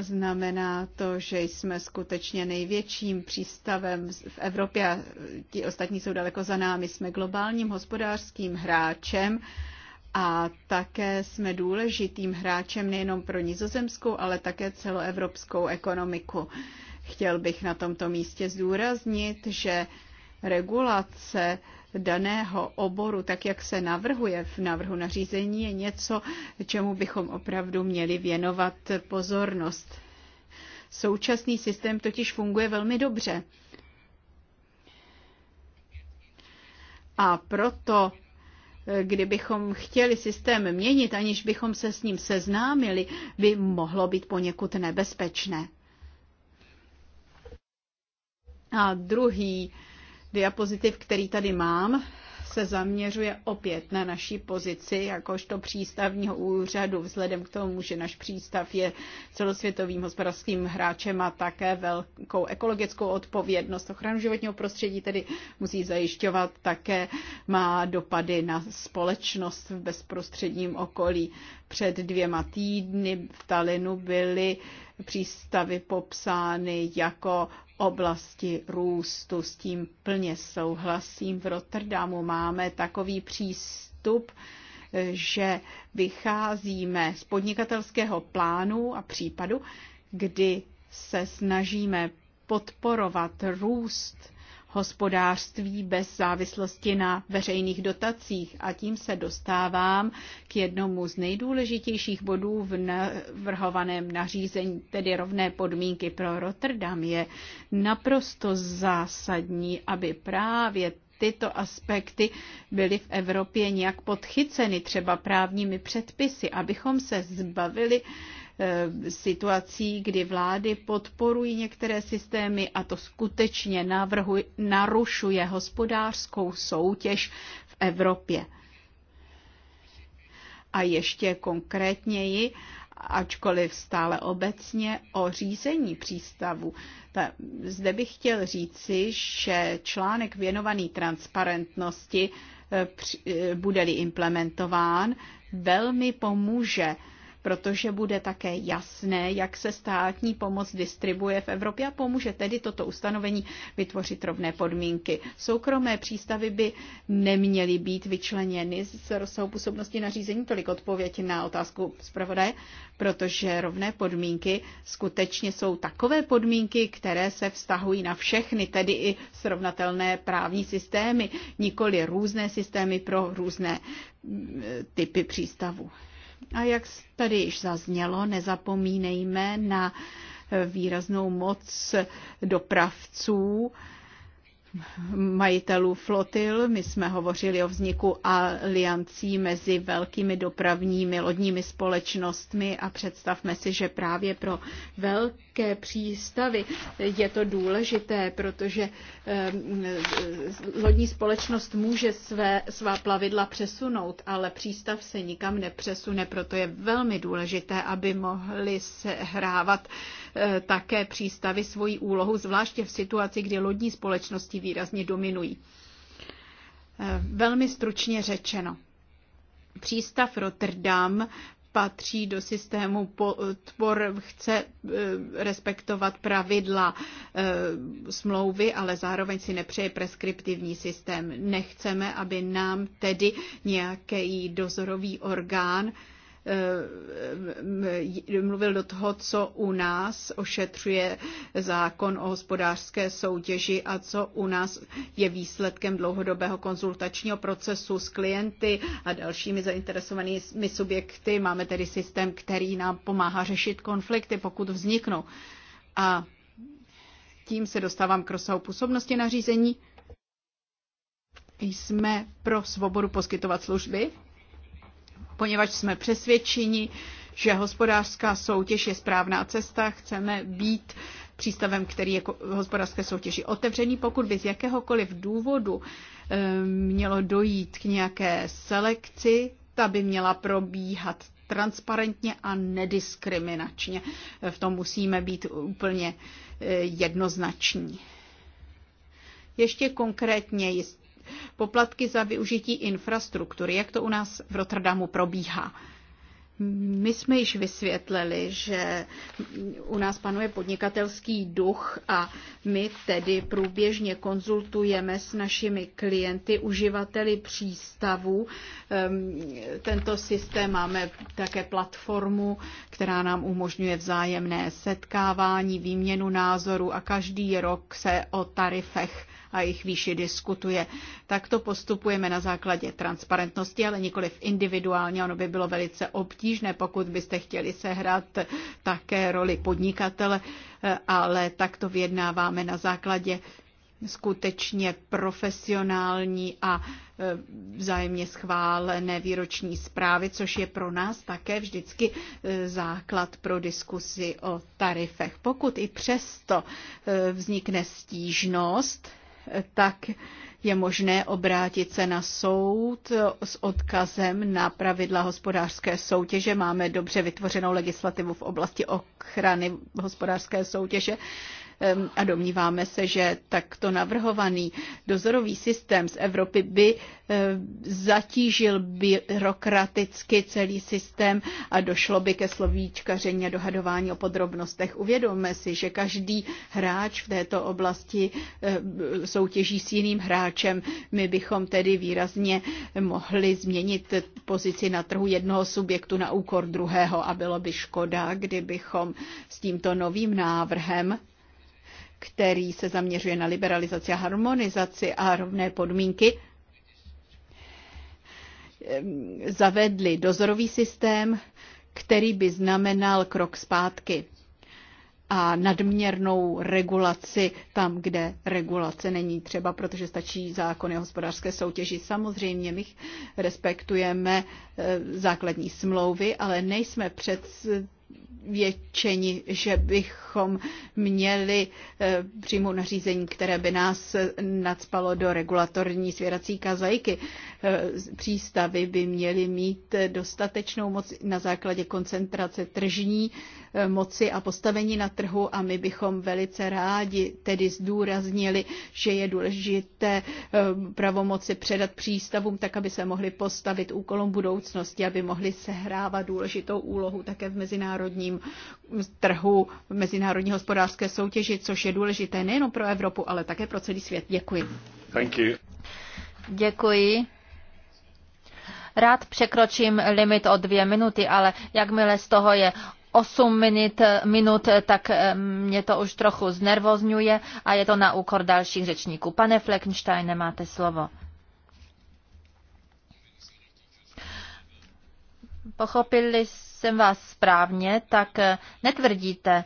Znamená to, že jsme skutečně největším přístavem v Evropě. Ti ostatní jsou daleko za námi. Jsme globálním hospodářským hráčem a také jsme důležitým hráčem nejenom pro nizozemskou, ale také celoevropskou ekonomiku. Chtěl bych na tomto místě zdůraznit, že regulace daného oboru, tak jak se navrhuje v návrhu nařízení, je něco, čemu bychom opravdu měli věnovat pozornost. Současný systém totiž funguje velmi dobře. A proto kdybychom chtěli systém měnit, aniž bychom se s ním seznámili, by mohlo být poněkud nebezpečné. A druhý diapozitiv, který tady mám, se zaměřuje opět na naší pozici jakožto přístavního úřadu, vzhledem k tomu, že náš přístav je celosvětovým hospodářským hráčem a také velkou ekologickou odpovědnost. Ochranu životního prostředí tedy musí zajišťovat také, má dopady na společnost v bezprostředním okolí. Před dvěma týdny v Talinu byly přístavy popsány jako oblasti růstu. S tím plně souhlasím. V Rotterdamu máme takový přístup, že vycházíme z podnikatelského plánu a případu, kdy se snažíme podporovat růst hospodářství bez závislosti na veřejných dotacích. A tím se dostávám k jednomu z nejdůležitějších bodů v navrhovaném nařízení, tedy rovné podmínky pro Rotterdam. Je naprosto zásadní, aby právě tyto aspekty byly v Evropě nějak podchyceny třeba právními předpisy, abychom se zbavili Eh, situací, kdy vlády podporují některé systémy a to skutečně navrhu, narušuje hospodářskou soutěž v Evropě. A ještě konkrétněji, ačkoliv stále obecně o řízení přístavu. Ta, zde bych chtěl říci, že článek věnovaný transparentnosti, eh, eh, bude-li implementován, velmi pomůže protože bude také jasné, jak se státní pomoc distribuje v Evropě a pomůže tedy toto ustanovení vytvořit rovné podmínky. Soukromé přístavy by neměly být vyčleněny z rozsahu působnosti nařízení, tolik odpověď na otázku zpravodaje, protože rovné podmínky skutečně jsou takové podmínky, které se vztahují na všechny, tedy i srovnatelné právní systémy, nikoli různé systémy pro různé typy přístavů. A jak tady již zaznělo, nezapomínejme na výraznou moc dopravců, majitelů flotil. My jsme hovořili o vzniku aliancí mezi velkými dopravními lodními společnostmi a představme si, že právě pro velké přístavy je to důležité, protože eh, lodní společnost může své, svá plavidla přesunout, ale přístav se nikam nepřesune, proto je velmi důležité, aby mohli se hrávat Eh, také přístavy svoji úlohu, zvláště v situaci, kdy lodní společnosti výrazně dominují. Eh, velmi stručně řečeno. Přístav Rotterdam patří do systému tvor chce eh, respektovat pravidla smlouvy, ale zároveň si nepřeje preskriptivní systém. Nechceme, aby nám tedy nějaký dozorový orgán Eh, mluvil do toho, co u nás ošetřuje zákon o hospodářské soutěži a co u nás je výsledkem dlouhodobého konzultačního procesu s klienty a dalšími zainteresovanými subjekty. Máme tedy systém, který nám pomáhá řešit konflikty, pokud vzniknou. A tím se dostávám k rozsahu působnosti nařízení. Jsme pro svobodu poskytovat služby, poněvadž jsme přesvědčeni, že hospodářská soutěž je správná cesta, chceme být přístavem, který je hospodářské soutěži otevřený. Pokud by z jakéhokoliv důvodu ehm, mělo dojít k nějaké selekci, ta by měla probíhat transparentně a nediskriminačně. V tom musíme být úplně eh, jednoznační. Ještě konkrétně poplatky za využití infrastruktury. Jak to u nás v Rotterdamu probíhá? My jsme již vysvětlili, že u nás panuje podnikatelský duch a my tedy průběžně konzultujeme s našimi klienty, uživateli přístavu. Ehm, tento systém máme také platformu, která nám umožňuje vzájemné setkávání, výměnu názorů a každý rok se o tarifech a jejich výši diskutuje. Takto postupujeme na základě transparentnosti, ale nikoli individuálně. Ono by bylo velice obtížné, pokud byste chtěli sehrát také roli podnikatele, ale takto vyjednáváme na základě skutečně profesionální a e, vzájemně schválené výroční zprávy, což je pro nás také vždycky e, základ pro diskusi o tarifech. Pokud i přesto e, vznikne stížnost, tak je možné obrátit se na soud s odkazem na pravidla hospodářské soutěže. Máme dobře vytvořenou legislativu v oblasti ochrany hospodářské soutěže, Ehm, a domníváme se, že takto navrhovaný dozorový systém z Evropy by eh, zatížil byrokraticky celý systém a došlo by ke slovíčkaření a dohadování o podrobnostech. Uvědomme si, že každý hráč v této oblasti eh, soutěží s jiným hráčem. My bychom tedy výrazně mohli změnit pozici na trhu jednoho subjektu na úkor druhého a bylo by škoda, kdybychom s tímto novým návrhem který se zaměřuje na liberalizaci a harmonizaci a rovné podmínky, ehm, zavedli dozorový systém, který by znamenal krok zpátky a nadměrnou regulaci tam, kde regulace není třeba, protože stačí zákony o hospodářské soutěži. Samozřejmě my respektujeme eh, základní smlouvy, ale nejsme před přesvědčeni, že bychom měli eh, přijmout nařízení, které by nás eh, nadspalo do regulatorní svěrací kazajky. Eh, přístavy by měly mít dostatečnou moc na základě koncentrace tržní Eh, moci a postavení na trhu a my bychom velice rádi tedy zdůraznili, že je důležité eh, pravomoci předat přístavům, tak aby se mohli postavit úkolům budoucnosti, aby mohli sehrávat důležitou úlohu také v mezinárodním trhu, v mezinárodní hospodářské soutěži, což je důležité nejen pro Evropu, ale také pro celý svět. Děkuji. Thank you. Děkuji. Rád překročím limit o dvě minuty, ale jakmile z toho je 8 minut, minut, tak eh, mě to už trochu znervozňuje a je to na úkor dalších řečníků. Pane Fleckensteine, máte slovo. Pochopili jsem vás správně, tak eh, netvrdíte,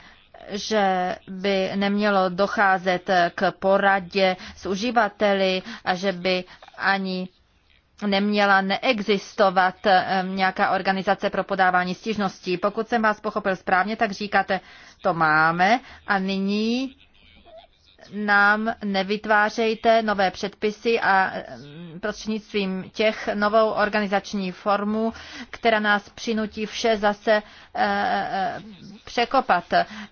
že by nemělo docházet k poradě s uživateli a že by ani neměla neexistovat eh, nějaká organizace pro podávání stížností. Pokud jsem vás pochopil správně, tak říkáte, to máme a nyní nám nevytvářejte nové předpisy a mm, prostřednictvím těch novou organizační formu, která nás přinutí vše zase e, e, překopat.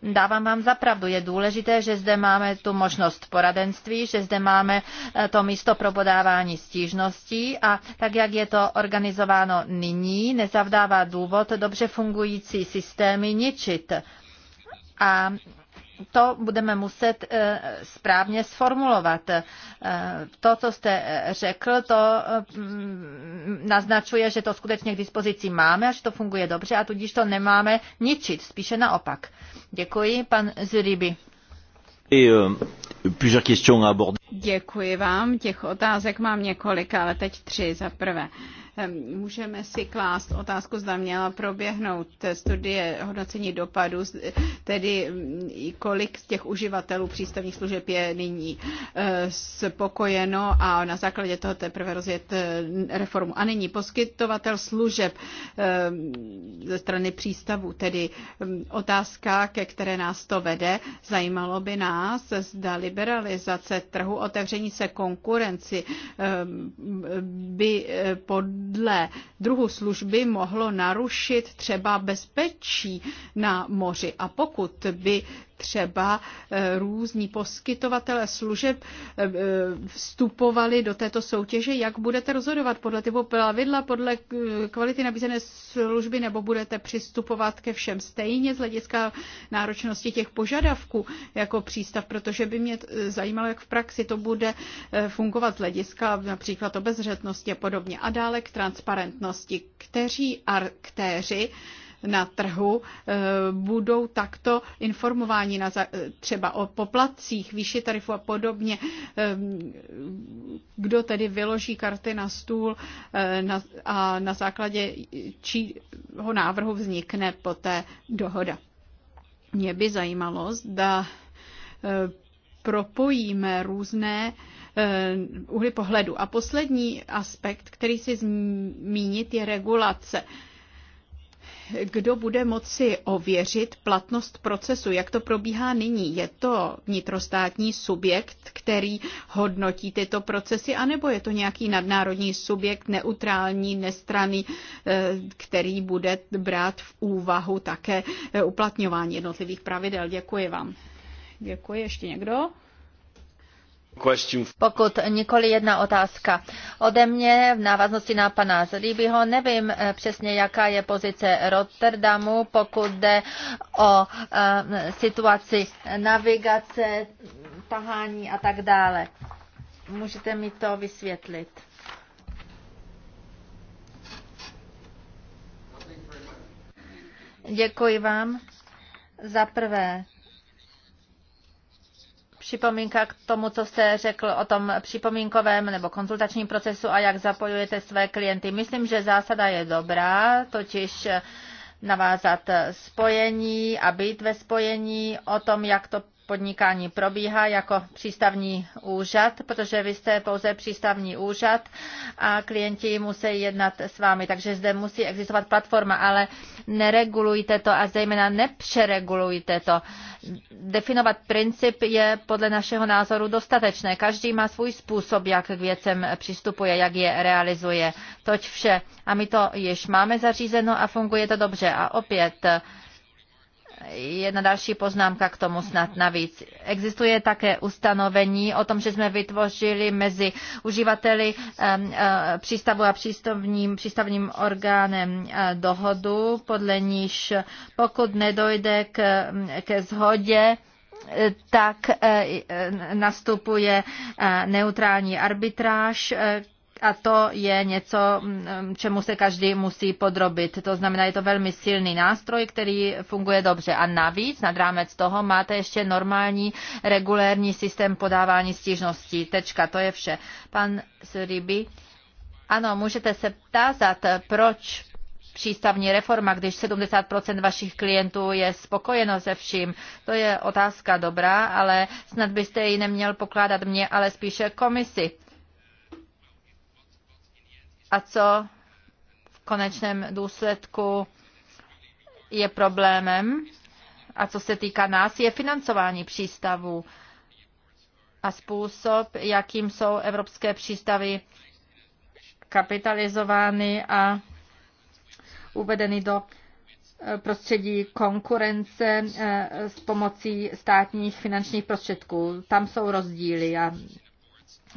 Dávám vám zapravdu, je důležité, že zde máme tu možnost poradenství, že zde máme e, to místo pro podávání stížností a tak, jak je to organizováno nyní, nezavdává důvod dobře fungující systémy ničit. A to budeme muset eh, správně sformulovat. Eh, to, co jste eh, řekl, to mm, naznačuje, že to skutečně k dispozici máme a že to funguje dobře a tudíž to nemáme ničit, spíše naopak. Děkuji, pan Zuribi. Děkuji vám, těch otázek mám několik, ale teď tři za prvé. Můžeme si klást otázku, zda měla proběhnout studie hodnocení dopadu, tedy kolik z těch uživatelů přístavních služeb je nyní e, spokojeno a na základě toho teprve rozjet e, reformu. A nyní poskytovatel služeb ze strany přístavu, tedy otázka, ke které nás to vede. Zajímalo by nás, zda liberalizace trhu, otevření se konkurenci by e, pod dle druhu služby mohlo narušit třeba bezpečí na moři. A pokud by třeba eh, různí poskytovatele služeb eh, eh, vstupovali do této soutěže. Jak budete rozhodovat? Podle typu pravidla, podle kvality nabízené služby, nebo budete přistupovat ke všem stejně z hlediska náročnosti těch požadavků jako přístav? Protože by mě zajímalo, jak v praxi to bude fungovat z hlediska například obezřetnosti a podobně. A dále k transparentnosti. Kteří aktéři na trhu eh, budou takto informováni na, eh, třeba o poplatcích, výši tarifu a podobně. Eh, kdo tedy vyloží karty na stůl a na základě čího návrhu vznikne poté dohoda. Mě by zajímalo, zda propojíme různé uhly pohledu. A poslední aspekt, který si zmínit, je regulace kdo bude moci ověřit platnost procesu, jak to probíhá nyní. Je to vnitrostátní subjekt, který hodnotí tyto procesy, anebo je to nějaký nadnárodní subjekt, neutrální, nestraný, eh, který bude brát v úvahu také eh, uplatňování jednotlivých pravidel. Děkuji vám. Děkuji. Ještě někdo? Pokud nikoli jedna otázka. Ode mě v návaznosti na pana Zlíbyho nevím eh, přesně, jaká je pozice Rotterdamu, pokud jde o eh, situaci navigace, tahání a tak dále. Můžete mi to vysvětlit? Děkuji vám. Za prvé, připomínka k tomu, co jste řekl o tom připomínkovém nebo konzultačním procesu a jak zapojujete své klienty. Myslím, že zásada je dobrá, totiž navázat spojení a být ve spojení o tom, jak to podnikání probíhá jako přístavní úřad, protože vy jste pouze přístavní úřad a klienti musí jednat s vámi, takže zde musí existovat platforma, ale neregulujte to a zejména nepřeregulujte to. Definovat princip je podle našeho názoru dostatečné. Každý má svůj způsob, jak k věcem přistupuje, jak je realizuje. Toť vše. A my to již máme zařízeno a funguje to dobře. A opět jedna další poznámka k tomu snad navíc. Existuje také ustanovení o tom, že jsme vytvořili mezi uživateli přístavu a přístavním, přístavním orgánem eh, dohodu, podle níž pokud nedojde k, ke shodě, eh, tak eh, nastupuje neutrální arbitráž, a to je něco, mm, čemu se každý musí podrobit. To znamená, je to velmi silný nástroj, který funguje dobře. A navíc, nad rámec toho, máte ještě normální regulérní systém podávání stížností. Tečka, to je vše. Pan Sriby, ano, můžete se ptázat, proč přístavní reforma, když 70% vašich klientů je spokojeno se vším. To je otázka dobrá, ale snad byste ji neměl pokládat mě, ale spíše komisi a co v konečném důsledku je problémem a co se týká nás, je financování přístavů a způsob, jakým jsou evropské přístavy kapitalizovány a uvedeny do eh, prostředí konkurence eh, s pomocí státních finančních prostředků. Tam jsou rozdíly a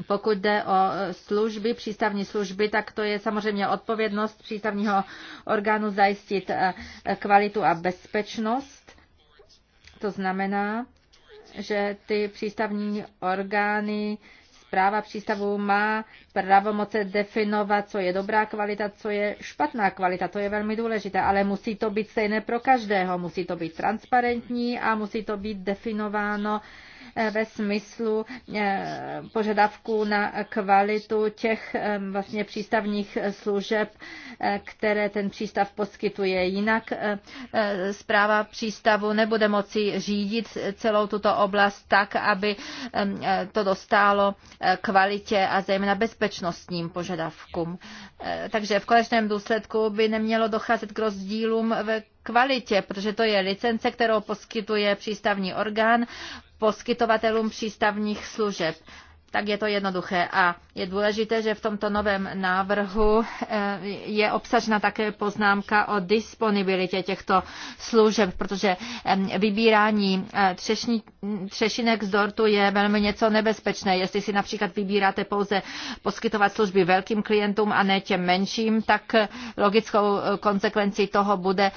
pokud jde o e, služby, přístavní služby, tak to je samozřejmě odpovědnost přístavního orgánu zajistit e, kvalitu a bezpečnost. To znamená, že ty přístavní orgány zpráva přístavu má pravomoce definovat, co je dobrá kvalita, co je špatná kvalita. To je velmi důležité, ale musí to být stejné pro každého. Musí to být transparentní a musí to být definováno uh, Eh, ve smyslu eh, požadavků na kvalitu těch eh, vlastně přístavních služeb, které ten přístav poskytuje. Jinak zpráva přístavu nebude moci řídit celou tuto oblast tak, aby to dostálo kvalitě a zejména bezpečnostním požadavkům. Takže v konečném důsledku by nemělo docházet k rozdílům ve kvalitě, protože to je licence, kterou poskytuje přístavní orgán poskytovatelům přístavních služeb tak je to jednoduché. A je důležité, že v tomto novém návrhu eh, je obsažena také poznámka o disponibilitě těchto služeb, protože vybírání eh, třešní, třešinek z dortu je velmi něco nebezpečné. Jestli si například vybíráte pouze poskytovat služby velkým klientům a ne těm menším, tak eh, logickou konsekvencí toho bude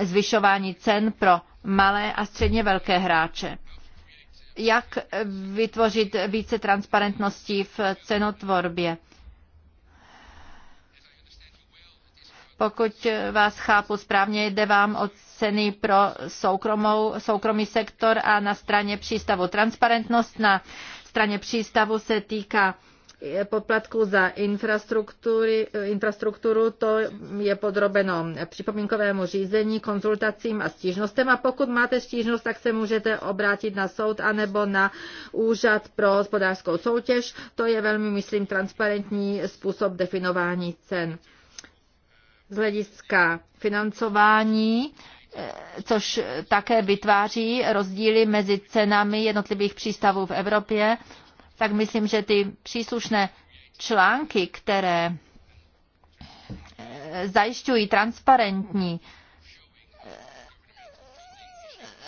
zvyšování cen pro malé a středně velké hráče jak vytvořit více transparentnosti v cenotvorbě. Pokud vás chápu správně, jde vám o ceny pro soukromou, soukromý sektor a na straně přístavu. Transparentnost na straně přístavu se týká poplatku za infrastrukturu, to je podrobeno připomínkovému řízení, konzultacím a stížnostem. A pokud máte stížnost, tak se můžete obrátit na soud anebo na úřad pro hospodářskou soutěž. To je velmi, myslím, transparentní způsob definování cen. Z hlediska financování eh, což také vytváří rozdíly mezi cenami jednotlivých přístavů v Evropě tak myslím, že ty příslušné články, které eh, zajišťují transparentní eh,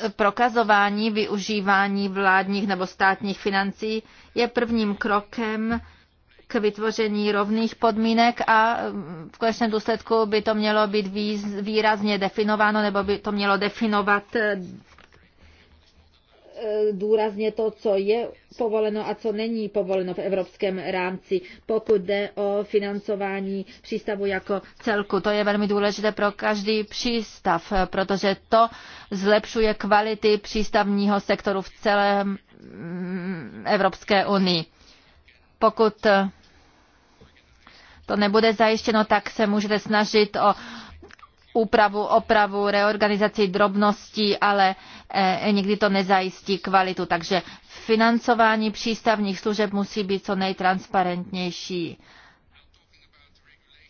prokazování využívání vládních nebo státních financí, je prvním krokem k vytvoření rovných podmínek a mm, v konečném důsledku by to mělo být výrazně definováno nebo by to mělo definovat eh, důrazně to, co je povoleno a co není povoleno v evropském rámci, pokud jde o financování přístavu jako celku. To je velmi důležité pro každý přístav, protože to zlepšuje kvality přístavního sektoru v celé mm, Evropské unii. Pokud to nebude zajištěno, tak se můžete snažit o úpravu, opravu, reorganizaci drobností, ale eh, nikdy to nezajistí kvalitu. Takže financování přístavních služeb musí být co nejtransparentnější.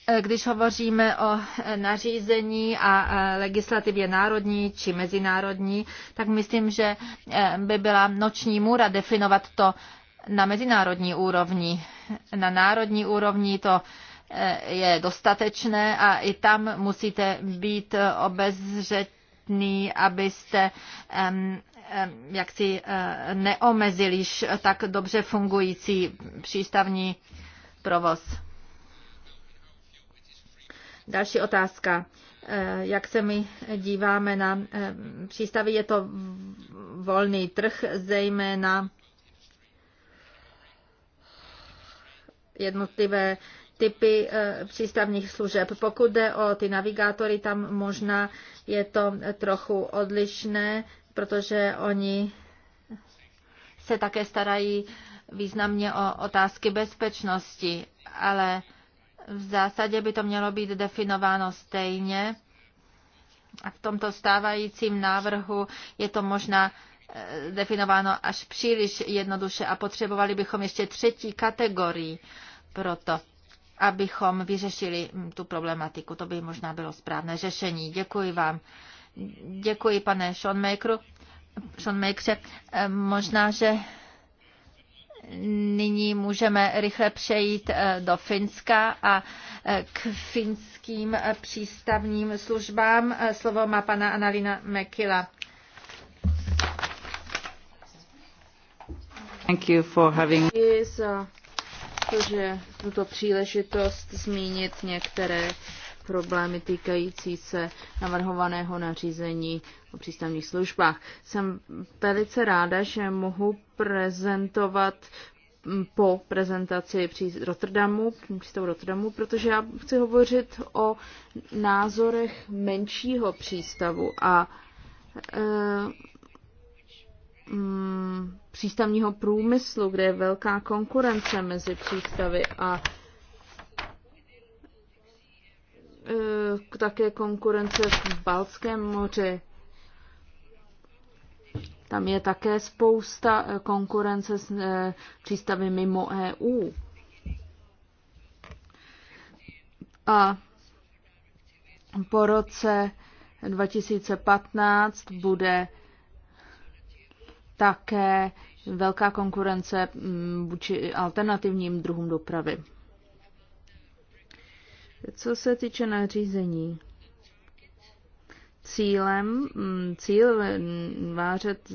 Eh, když hovoříme o eh, nařízení a legislativě národní či mezinárodní, tak myslím, že by byla noční můra definovat to na mezinárodní úrovni. Na národní úrovni to je dostatečné a i tam musíte být obezřetný, abyste jak si eh, neomezil tak dobře fungující přístavní provoz. Další otázka. Eh, jak se my díváme na eh, přístavy, je to volný trh, zejména jednotlivé typy eh, přístavních služeb. Pokud jde o ty navigátory, tam možná je to trochu odlišné, protože oni se také starají významně o otázky bezpečnosti, ale v zásadě by to mělo být definováno stejně. A v tomto stávajícím návrhu je to možná eh, definováno až příliš jednoduše a potřebovali bychom ještě třetí kategorii proto abychom vyřešili mm, tu problematiku. To by možná bylo správné řešení. Děkuji vám. Děkuji, pane Schoenmakeru. Schoenmakere. Eh, možná, že nyní můžeme rychle přejít eh, do Finska a eh, k finským přístavním službám. Slovo má pana Analina Mekila. Thank you for having protože tuto příležitost zmínit některé problémy týkající se navrhovaného nařízení o přístavních službách. Jsem velice ráda, že mohu prezentovat po prezentaci při Rotterdamu, přístavu Rotterdamu, protože já chci hovořit o názorech menšího přístavu a e, mm, přístavního průmyslu, kde je velká konkurence mezi přístavy a e, také konkurence v Balckém moři. Tam je také spousta e, konkurence s e, přístavy mimo EU. A po roce 2015 bude také velká konkurence mm, vůči alternativním druhům dopravy. Co se týče nařízení, cílem, mm, cíl vářet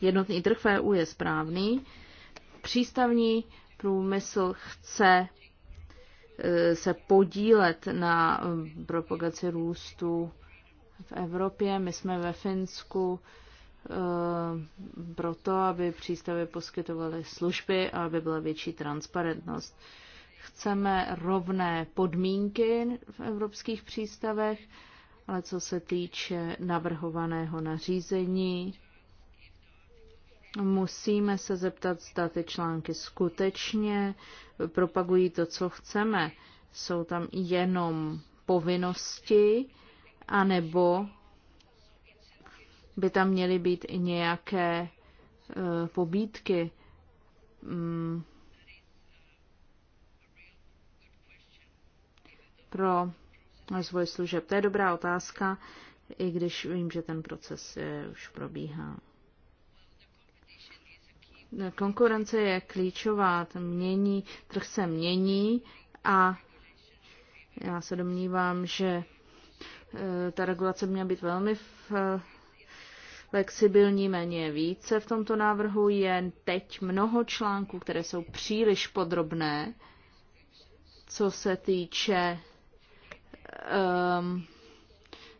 jednotný trh v EU je správný. Přístavní průmysl chce e, se podílet na mm, propagaci růstu v Evropě. My jsme ve Finsku Eh, proto, aby přístavy poskytovaly služby a aby byla větší transparentnost. Chceme rovné podmínky v evropských přístavech, ale co se týče navrhovaného nařízení, musíme se zeptat, zda ty články skutečně propagují to, co chceme. Jsou tam jenom povinnosti, anebo by tam měly být i nějaké e, pobídky. Mm. pro rozvoj služeb. To je dobrá otázka, i když vím, že ten proces je, už probíhá. Konkurence je klíčová, ten mění, trh se mění a já se domnívám, že e, ta regulace měla být velmi flexibilní, méně je více. V tomto návrhu je teď mnoho článků, které jsou příliš podrobné, co se týče um,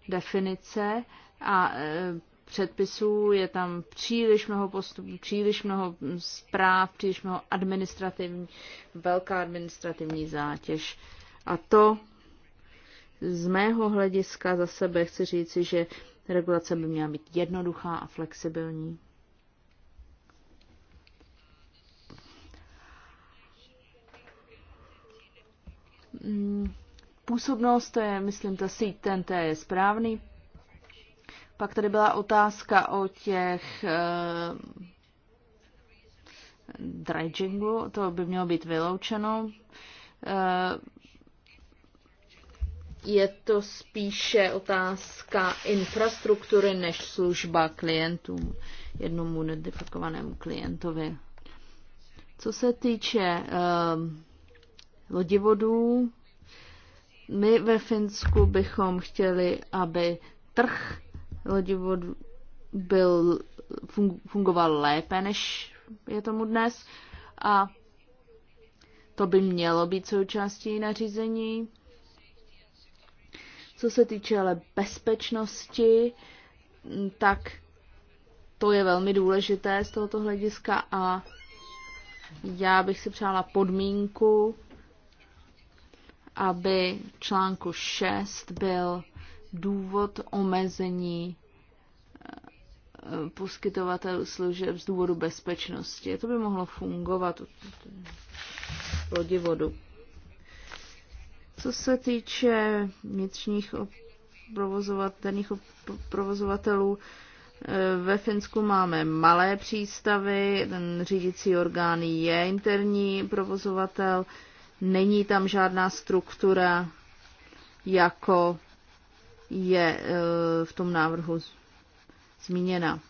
definice a um, předpisů, je tam příliš mnoho postupů, příliš mnoho zpráv, příliš mnoho administrativní, velká administrativní zátěž. A to z mého hlediska za sebe chci říci, že Regulace by měla být jednoduchá a flexibilní. Hmm, působnost, to je, myslím, ta síť TNT je správný. Pak tady byla otázka o těch uh, dredgingu, to by mělo být vyloučeno. Uh, je to spíše otázka infrastruktury než služba klientům, jednomu identifikovanému klientovi. Co se týče uh, lodivodů, my ve Finsku bychom chtěli, aby trh lodivodů byl, fungoval lépe, než je tomu dnes. A to by mělo být součástí nařízení co se týče ale bezpečnosti, tak to je velmi důležité z tohoto hlediska a já bych si přála podmínku, aby článku 6 byl důvod omezení poskytovatelů služeb z důvodu bezpečnosti. To by mohlo fungovat vodu. Co se týče vnitřních provozovatelů, eh, ve Finsku máme malé přístavy, ten řídící orgán je interní provozovatel, není tam žádná struktura, jako je eh, v tom návrhu zmíněna.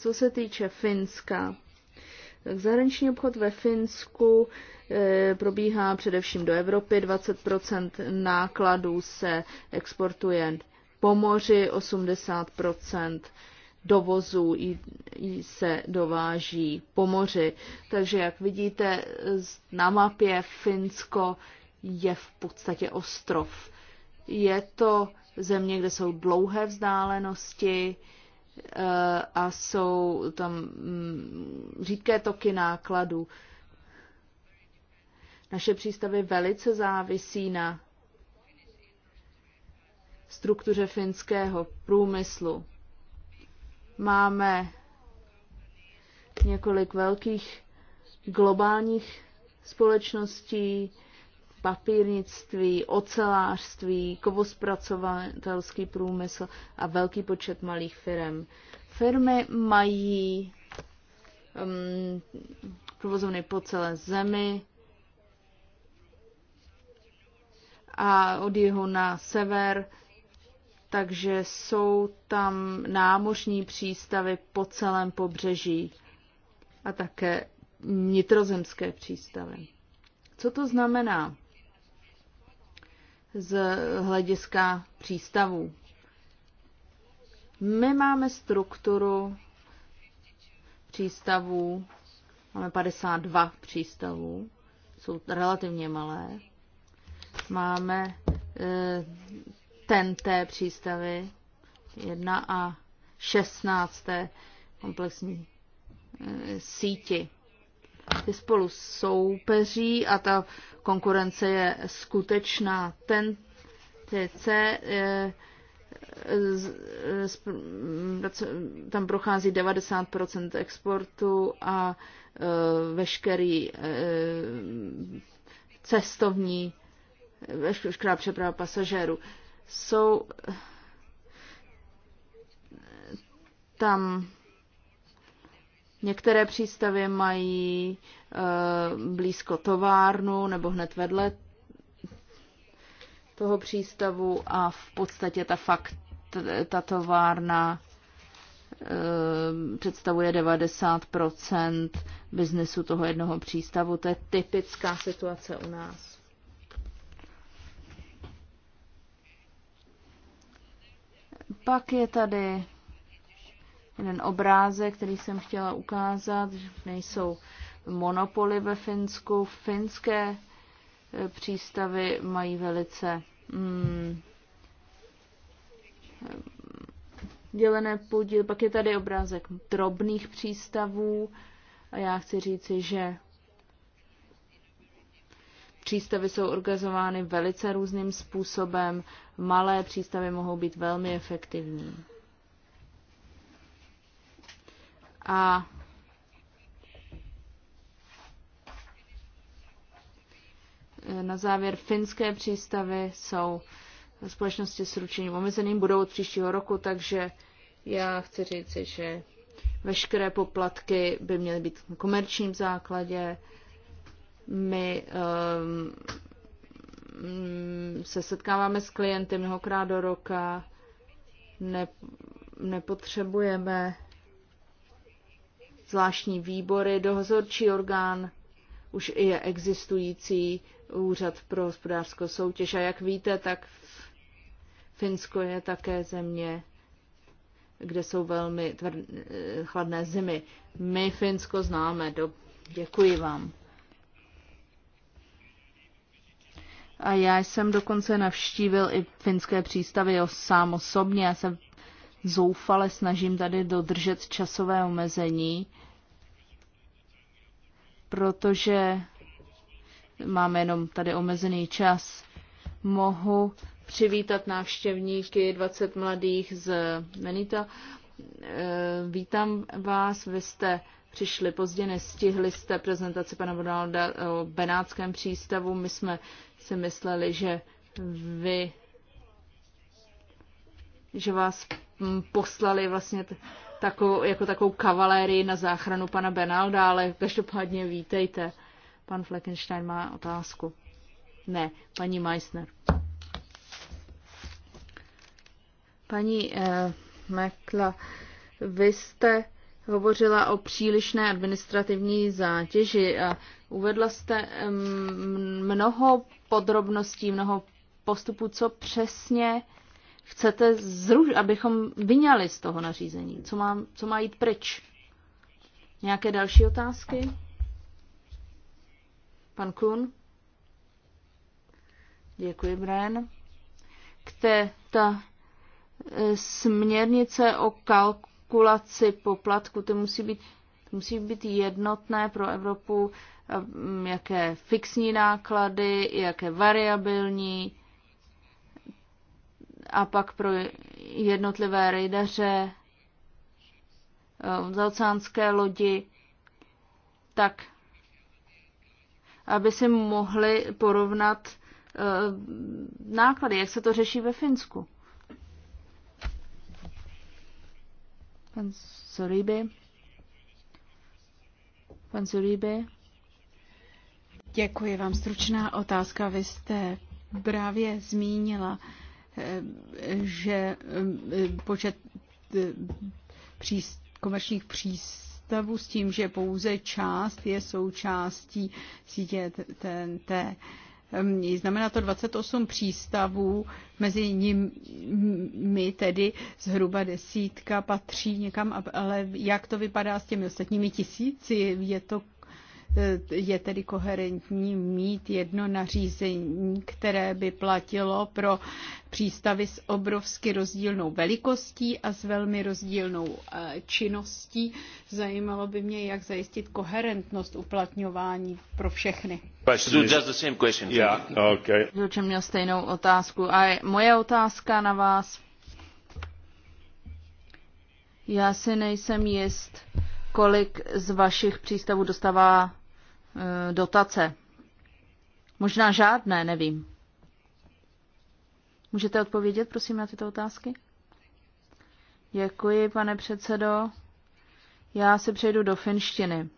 Co se týče Finska, tak zahraniční obchod ve Finsku eh, probíhá především do Evropy, 20 nákladů se exportuje po moři, 80 dovozů se dováží po moři. Takže jak vidíte na mapě, Finsko je v podstatě ostrov. Je to země, kde jsou dlouhé vzdálenosti, Eh, a jsou tam mm, řídké toky nákladů. Naše přístavy velice závisí na struktuře finského průmyslu. Máme několik velkých globálních společností, papírnictví, ocelářství, kovospracovatelský průmysl a velký počet malých firm. Firmy mají um, provozovny po celé zemi a od jihu na sever, takže jsou tam námořní přístavy po celém pobřeží a také nitrozemské přístavy. Co to znamená? z hlediska přístavů. My máme strukturu přístavů, máme 52 přístavů, jsou relativně malé. Máme e, eh, TNT přístavy, 1 a 16. komplexní e, síti ty spolu soupeří a ta konkurence je skutečná. Ten TC tam prochází 90 exportu a e, veškerý e, cestovní, veškerá přeprava pasažérů. Jsou tam Některé přístavy mají eh, blízko továrnu nebo hned vedle toho přístavu a v podstatě ta, fakt, ta továrna eh, představuje 90 biznesu toho jednoho přístavu. To je typická situace u nás. Pak je tady jeden obrázek, který jsem chtěla ukázat, že nejsou monopoly ve Finsku. Finské e, přístavy mají velice mm, e, dělené podíl. Pak je tady obrázek drobných přístavů a já chci říci, že přístavy jsou organizovány velice různým způsobem. Malé přístavy mohou být velmi efektivní. A na závěr finské přístavy jsou společnosti s ručením omezeným, budou od příštího roku, takže já chci říci, že veškeré poplatky by měly být na komerčním základě. My um, se setkáváme s klienty mnohokrát do roka, ne, nepotřebujeme zvláštní výbory, dohozorčí orgán, už je existující úřad pro hospodářskou soutěž. A jak víte, tak Finsko je také země, kde jsou velmi tvrd, chladné zimy. My Finsko známe. Do, děkuji vám. A já jsem dokonce navštívil i finské přístavy o sám osobně. Já jsem zoufale snažím tady dodržet časové omezení, protože máme jenom tady omezený čas. Mohu přivítat návštěvníky, 20 mladých z Menita. E, vítám vás, vy jste přišli pozdě, nestihli jste prezentaci pana Bonalda o Benátském přístavu. My jsme si mysleli, že vy že vás Mm, poslali vlastně takovou, jako takovou kavalérii na záchranu pana Benalda, ale každopádně vítejte. Pan Fleckenstein má otázku. Ne, paní Meissner. Paní eh, Mekla, vy jste hovořila o přílišné administrativní zátěži a uvedla jste mnoho podrobností, mnoho postupů, co přesně eh, chcete, zruž, abychom vyňali z toho nařízení? Co má, co má jít pryč? Nějaké další otázky? Pan Kun? Děkuji, Brian. K té ta e, směrnice o kalkulaci poplatku, to musí být, to musí být jednotné pro Evropu, jaké fixní náklady, jaké variabilní, a pak pro jednotlivé rejdaře eh, zaoceánské lodi, tak aby si mohli porovnat eh, náklady, jak se to řeší ve Finsku. Pan Soriby. Pan Soriby. Děkuji vám. Stručná otázka. Vy jste právě zmínila že eh, počet eh, komerčních přístavů s tím, že pouze část je součástí sítě TNT. Ehm, znamená to 28 přístavů, mezi nimi tedy zhruba desítka patří někam, ale jak to vypadá s těmi ostatními tisíci? Je to Eh, je tedy koherentní mít jedno nařízení, které by platilo pro přístavy s obrovsky rozdílnou velikostí a s velmi rozdílnou eh, činností. Zajímalo by mě, jak zajistit koherentnost uplatňování pro všechny. Yeah, okay. měl stejnou otázku. A moje otázka na vás. Já si nejsem jist, kolik z vašich přístavů dostává Eh, dotace. Možná žádné, nevím. Můžete odpovědět, prosím, na tyto otázky? Děkuji, pane předsedo. Já se přejdu do finštiny.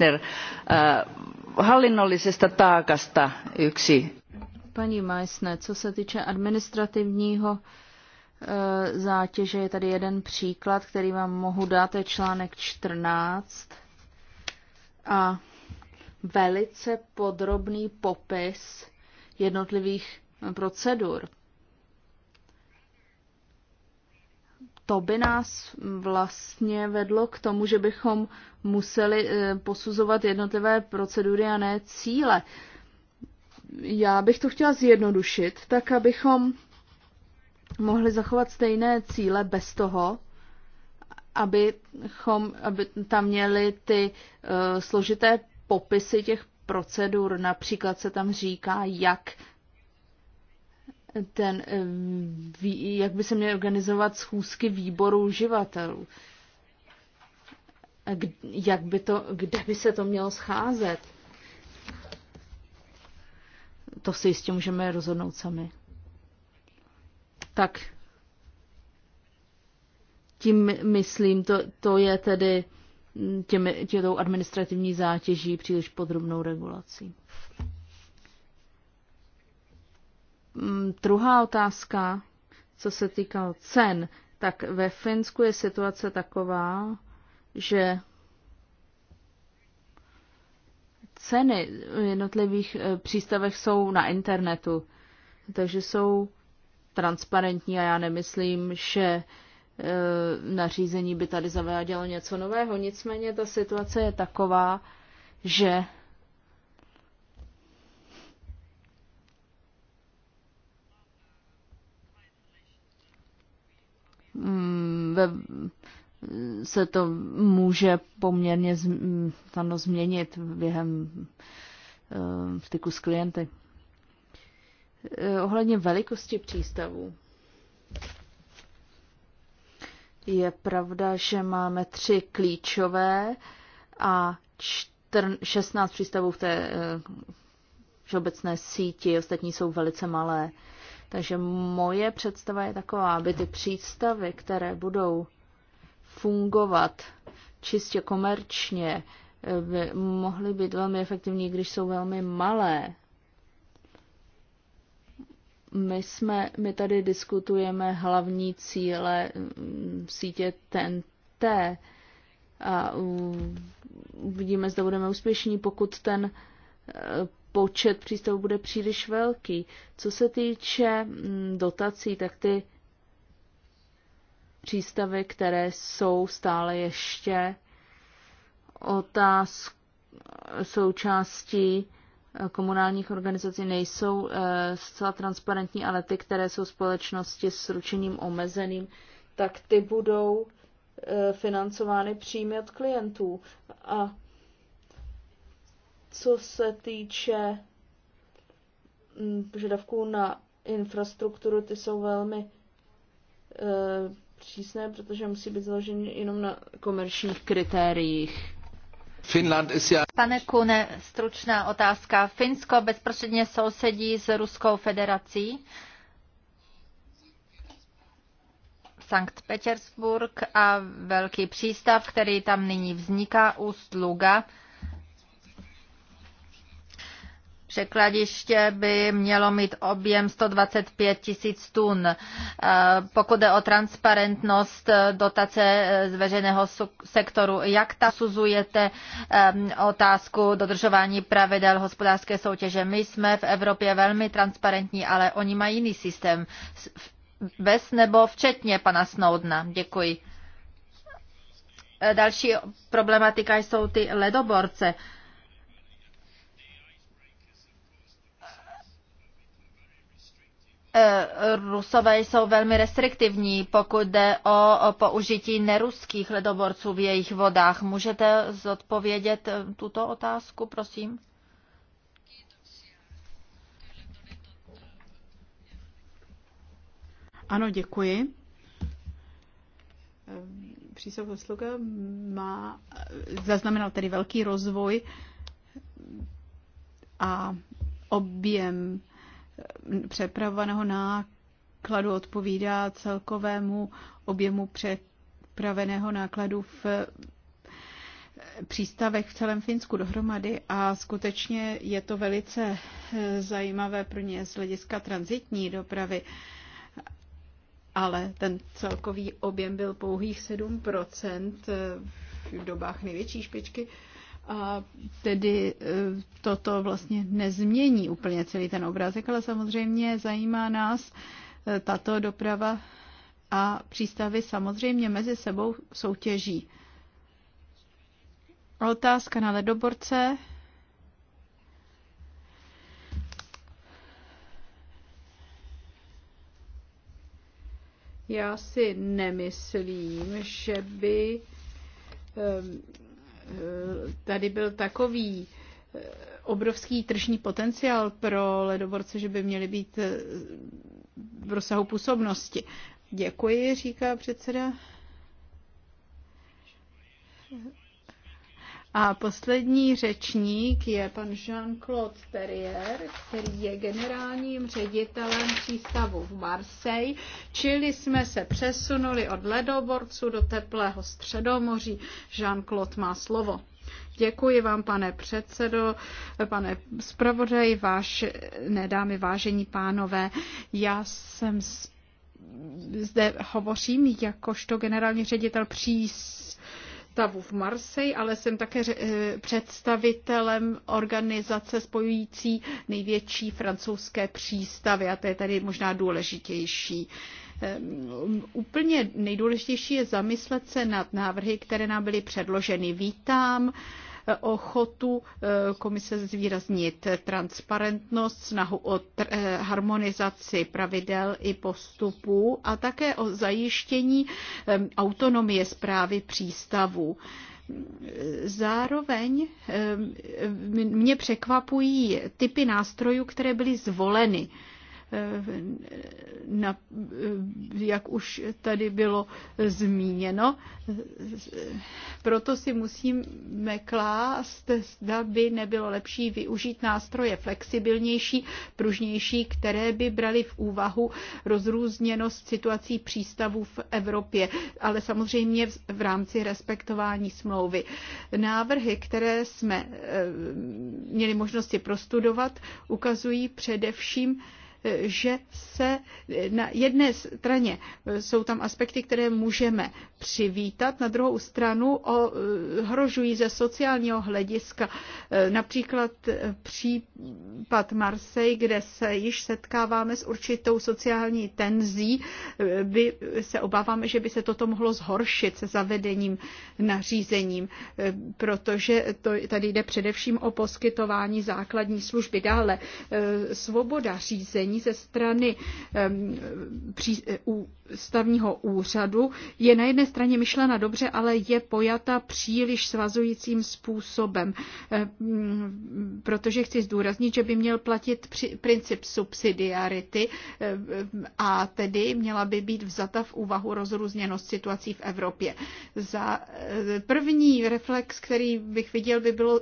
Eh, hallinnollisesta taakasta yksi. Paní Meissner, co se týče administrativního Eh, zátěže je tady jeden příklad, který vám mohu dát, je článek 14. A velice podrobný popis jednotlivých procedur. To by nás vlastně vedlo k tomu, že bychom museli eh, posuzovat jednotlivé procedury a ne cíle. Já bych to chtěla zjednodušit, tak abychom mohli zachovat stejné cíle bez toho, chom, aby tam měli ty uh, složité popisy těch procedur. Například se tam říká, jak ten, e, jak by se měly organizovat schůzky výboru uživatelů. Jak by to, kde by se to mělo scházet? To si jistě můžeme rozhodnout sami tak tím myslím, to, to je tedy mm, těmi, tou administrativní zátěží příliš podrobnou regulací. Mm, druhá otázka, co se týkalo cen, tak ve Finsku je situace taková, že ceny v jednotlivých eh, přístavech jsou na internetu, takže jsou transparentní a já nemyslím, že e, nařízení by tady zavádělo něco nového. Nicméně ta situace je taková, že mm, ve, se to může poměrně zm, mm, změnit během styku e, s klienty. Eh, ohledně velikosti přístavů. Je pravda, že máme tři klíčové a 16 přístavů v té eh, všeobecné síti, ostatní jsou velice malé. Takže moje představa je taková, aby ty přístavy, které budou fungovat čistě komerčně, eh, by mohly být velmi efektivní, když jsou velmi malé. My, jsme, my tady diskutujeme hlavní cíle mm, sítě TNT a uvidíme, zda budeme úspěšní, pokud ten e, počet přístavů bude příliš velký. Co se týče mm, dotací, tak ty přístavy, které jsou stále ještě otázkou součástí komunálních organizací nejsou eh, zcela transparentní, ale ty, které jsou společnosti s ručením omezeným, tak ty budou eh, financovány přímě od klientů. A co se týče mm, požadavků na infrastrukturu, ty jsou velmi eh, přísné, protože musí být založeny jenom na komerčních kritériích. Pane Kune, stručná otázka. Finsko bezprostředně sousedí s Ruskou federací. Sankt Petersburg a velký přístav, který tam nyní vzniká, Úst Luga Překladiště by mělo mít objem 125 tisíc tun. Eh, pokud jde o transparentnost eh, dotace eh, z veřejného sektoru, jak ta suzujete otázku dodržování pravidel hospodářské soutěže? My jsme v Evropě velmi transparentní, ale oni mají jiný systém. Bez nebo včetně pana Snowdna. Děkuji. Další problematika jsou ty ledoborce. Eh, Rusové jsou velmi restriktivní, pokud jde o použití neruských ledoborců v jejich vodách. Můžete zodpovědět eh, tuto otázku, prosím? Ano, děkuji. Eh, Přísov Sluga má, zaznamenal tedy velký rozvoj a objem přepravovaného nákladu odpovídá celkovému objemu přepraveného nákladu v přístavech v celém Finsku dohromady a skutečně je to velice eh, zajímavé pro ně z hlediska transitní dopravy, ale ten celkový objem byl pouhých 7% eh, v dobách největší špičky a tedy e, toto vlastně nezmění úplně celý ten obrázek, ale samozřejmě zajímá nás e, tato doprava a přístavy samozřejmě mezi sebou soutěží. Otázka na ledoborce. Já si nemyslím, že by Eh, tady byl takový eh, obrovský tržní potenciál pro ledoborce, že by měly být eh, v rozsahu působnosti. Děkuji, říká předseda. A poslední řečník je pan Jean-Claude Terrier, který je generálním ředitelem přístavu v Marseille, čili jsme se přesunuli od ledoborců do teplého středomoří. Jean-Claude má slovo. Děkuji vám, pane předsedo, pane zpravodaj, váš, nedámy, vážení pánové. Já jsem zde hovořím jakožto generální ředitel přístavu stavu v Marseji, ale jsem také eh, představitelem organizace spojující největší francouzské přístavy a to je tady možná důležitější ehm, úplně nejdůležitější je zamyslet se nad návrhy, které nám byly předloženy. Vítám ochotu eh, komise zvýraznit transparentnost, snahu o eh, harmonizaci pravidel i postupů a také o zajištění eh, autonomie zprávy přístavů. Zároveň mě překvapují typy nástrojů, které byly zvoleny Eh, na, eh, jak už tady bylo zmíněno. Proto si musíme klást, zda by nebylo lepší využít nástroje flexibilnější, pružnější, které by brali v úvahu rozrůzněnost situací přístavů v Evropě, ale samozřejmě v rámci respektování smlouvy. Návrhy, které jsme eh, měli možnosti prostudovat, ukazují především, že se na jedné straně eh, jsou tam aspekty, které můžeme přivítat, na druhou stranu eh, ohrožují ze sociálního hlediska. Eh, například případ Marseille, kde se již setkáváme s určitou sociální tenzí, by se obáváme, že by se toto mohlo zhoršit se zavedením nařízením, protože to, tady jde především o poskytování základní služby. Dále svoboda řízení ze strany stavního úřadu je na jedné straně myšlena dobře, ale je pojata příliš svazujícím způsobem, eh, mm, protože chci zdůraznit, že by měl platit princip subsidiarity eh, a tedy měla by být vzata v úvahu rozrůzněnost situací v Evropě. Za eh, první reflex, který bych viděl, by bylo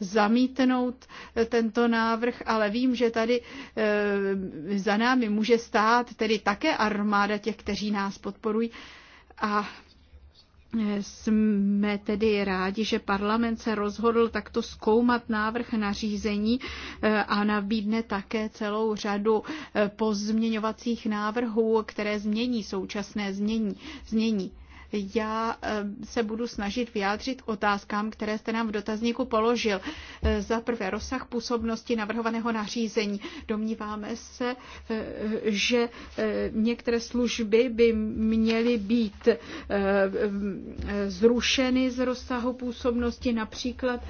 zamítnout tento návrh, ale vím, že tady za námi může stát tedy tak také armáda těch, kteří nás podporují. A e, jsme tedy rádi, že parlament se rozhodl takto zkoumat návrh nařízení e, a nabídne také celou řadu e, pozměňovacích návrhů, které změní současné změní. změní. Já eh, se budu snažit vyjádřit otázkám, které jste nám v dotazníku položil. Eh, za prvé rozsah působnosti navrhovaného nařízení. Domníváme se, eh, že některé služby by měly být zrušeny z rozsahu působnosti, například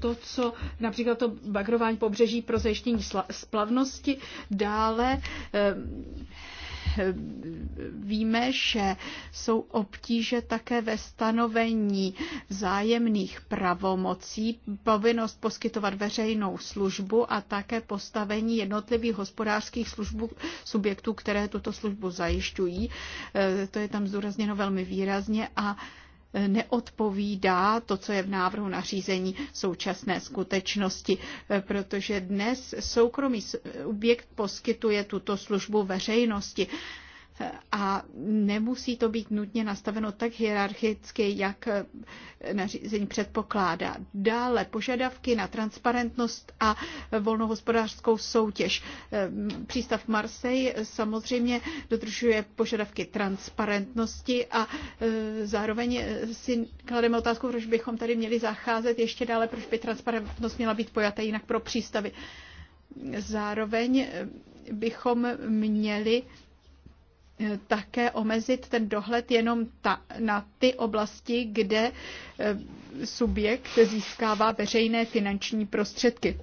to, co například to bagrování pobřeží pro zajištění splavnosti, dále Víme, že jsou obtíže také ve stanovení zájemných pravomocí, povinnost poskytovat veřejnou službu a také postavení jednotlivých hospodářských službů subjektů, které tuto službu zajišťují. E, to je tam zdůrazněno velmi výrazně a neodpovídá to, co je v návrhu nařízení současné skutečnosti, protože dnes soukromý objekt poskytuje tuto službu veřejnosti a nemusí to být nutně nastaveno tak hierarchicky, jak nařízení předpokládá. Dále požadavky na transparentnost a volnou hospodářskou soutěž. Ehm, přístav Marseille samozřejmě dodržuje požadavky transparentnosti a ehm, zároveň si klademe otázku, proč bychom tady měli zacházet ještě dále, proč by transparentnost měla být pojata jinak pro přístavy. Zároveň ehm, bychom měli také omezit ten dohled jenom ta, na ty oblasti, kde eh, subjekt získává veřejné finanční prostředky.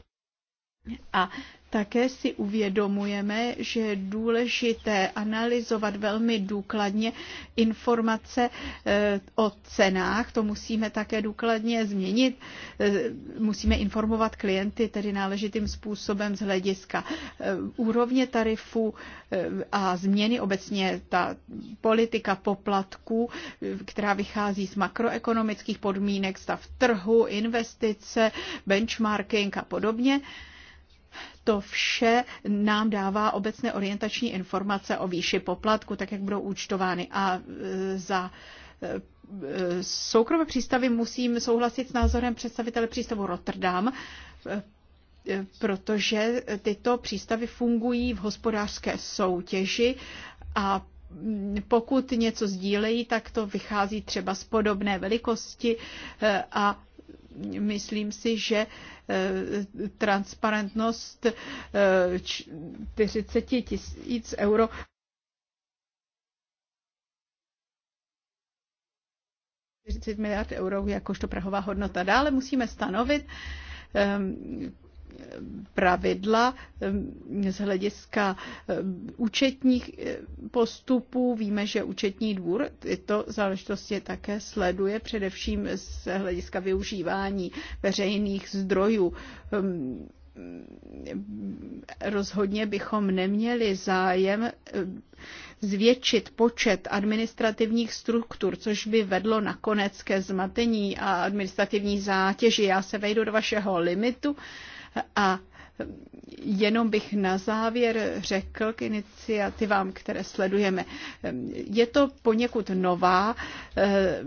A také si uvědomujeme, že je důležité analyzovat velmi důkladně informace eh, o cenách. To musíme také důkladně změnit. Eh, musíme informovat klienty tedy náležitým způsobem z hlediska eh, úrovně tarifu a změny obecně ta politika poplatků, která vychází z makroekonomických podmínek, stav trhu, investice, benchmarking a podobně. To vše nám dává obecné orientační informace o výši poplatku, tak jak budou účtovány. A e, za e, e, soukromé přístavy musím souhlasit s názorem představitele přístavu Rotterdam, protože tyto přístavy fungují v hospodářské soutěži a pokud něco sdílejí, tak to vychází třeba z podobné velikosti a myslím si, že eh, transparentnost 40 eh, tisíc euro miliard euro jakožto prahová hodnota. Dále musíme stanovit ehm, pravidla eh, z hlediska eh, účetních eh, postupů. Víme, že účetní dvůr tyto záležitosti také sleduje, především z hlediska využívání veřejných zdrojů ehm, rozhodně bychom neměli zájem zvětšit počet administrativních struktur, což by vedlo nakonec ke zmatení a administrativní zátěži. Já se vejdu do vašeho limitu a Jenom bych na závěr řekl k iniciativám, které sledujeme. Je to poněkud nová eh,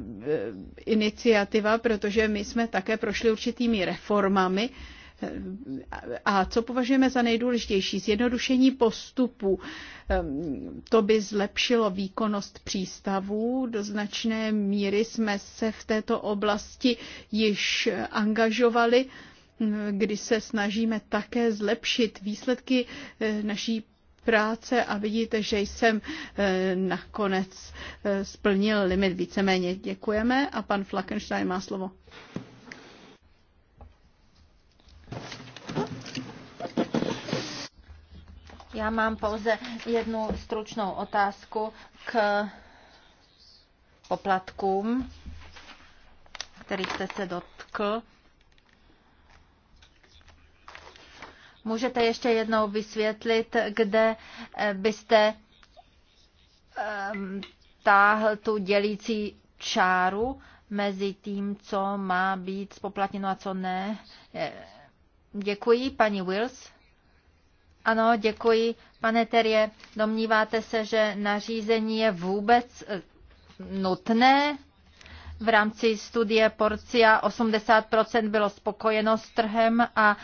iniciativa, protože my jsme také prošli určitými reformami. A co považujeme za nejdůležitější? Zjednodušení postupu. Eh, to by zlepšilo výkonnost přístavů. Do značné míry jsme se v této oblasti již angažovali kdy se snažíme také zlepšit výsledky eh, naší práce a vidíte, že jsem eh, nakonec eh, splnil limit. Víceméně děkujeme a pan Flakenstein má slovo. Já mám pouze jednu stručnou otázku k poplatkům, kterých jste se dotkl. Můžete ještě jednou vysvětlit, kde eh, byste ehm, táhl tu dělící čáru mezi tím, co má být spoplatněno a co ne? Děkuji, paní Wills. Ano, děkuji. Pane Terje. domníváte se, že nařízení je vůbec eh, nutné? V rámci studie Porcia 80% bylo spokojeno s trhem a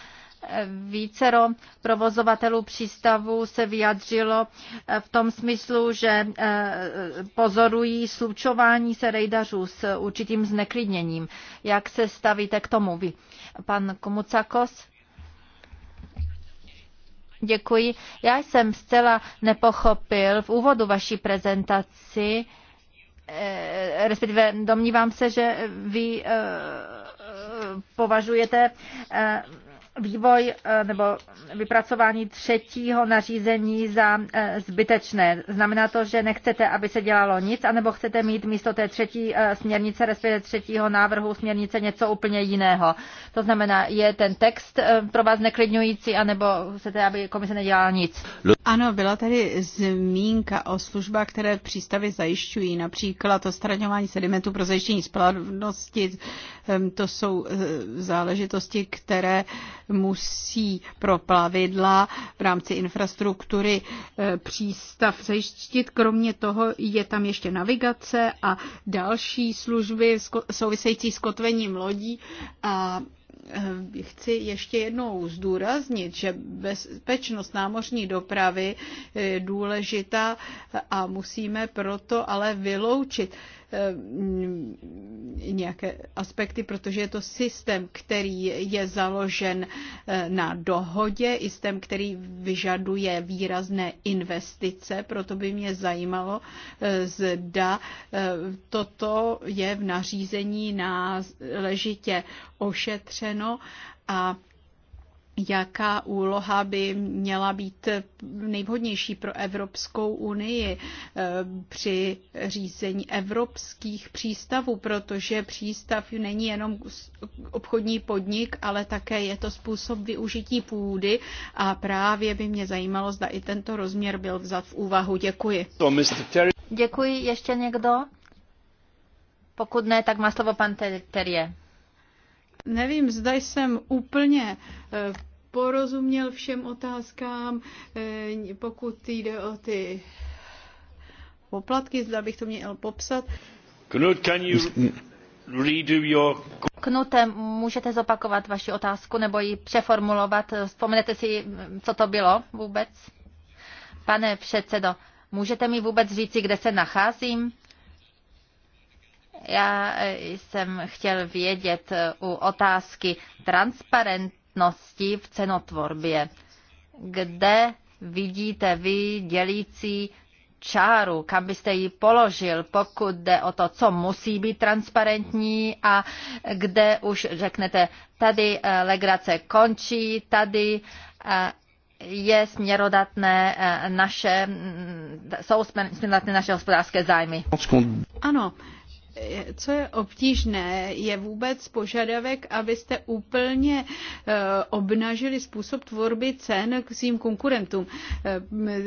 Vícero provozovatelů přístavu se vyjadřilo eh, v tom smyslu, že eh, pozorují slučování se rejdařů s určitým zneklidněním. Jak se stavíte k tomu vy? Pan Komucakos? Děkuji. Já jsem zcela nepochopil v úvodu vaší prezentaci, eh, respektive domnívám se, že vy považujete vývoj eh, nebo vypracování třetího nařízení za eh, zbytečné. Znamená to, že nechcete, aby se dělalo nic, anebo chcete mít místo té třetí eh, směrnice, respektive třetího návrhu směrnice něco úplně jiného. To znamená, je ten text pro vás neklidňující, anebo chcete, aby komise nedělala nic? Ano, byla tady zmínka o službách, které přístavy zajišťují, například odstraňování sedimentů pro zajištění splavnosti, Ehm, to jsou eh, záležitosti, které musí pro plavidla v rámci infrastruktury eh, přístav zajištit. Kromě toho je tam ještě navigace a další služby související s kotvením lodí a eh, chci ještě jednou zdůraznit, že bezpečnost námořní dopravy je důležitá a musíme proto ale vyloučit Eh, mm, nějaké aspekty, protože je to systém, který je založen eh, na dohodě, systém, který vyžaduje výrazné investice, proto by mě zajímalo, eh, zda toto je v nařízení náležitě ošetřeno a jaká úloha by měla být nejvhodnější pro Evropskou unii eh, při řízení evropských přístavů, protože přístav není jenom obchodní podnik, ale také je to způsob využití půdy a právě by mě zajímalo, zda i tento rozměr byl vzat v úvahu. Děkuji. Děkuji. Ještě někdo? Pokud ne, tak má slovo pan ter- Nevím, zda jsem úplně eh, porozuměl všem otázkám, eh, pokud jde o ty poplatky, zda bych to měl popsat. Knut, can you redo your... Knute, můžete zopakovat vaši otázku nebo ji přeformulovat? Vzpomenete si, co to bylo vůbec? Pane předsedo, můžete mi vůbec říci, kde se nacházím? Já eh, jsem chtěl vědět eh, u otázky transparentnosti v cenotvorbě. Kde vidíte vy dělící čáru, kam byste ji položil, pokud jde o to, co musí být transparentní a kde už řeknete, tady eh, legrace končí, tady je směrodatné naše, mm, jsou směrodatné naše hospodářské zájmy. Ano, co je obtížné, je vůbec požadavek, abyste úplně e, obnažili způsob tvorby cen k svým konkurentům,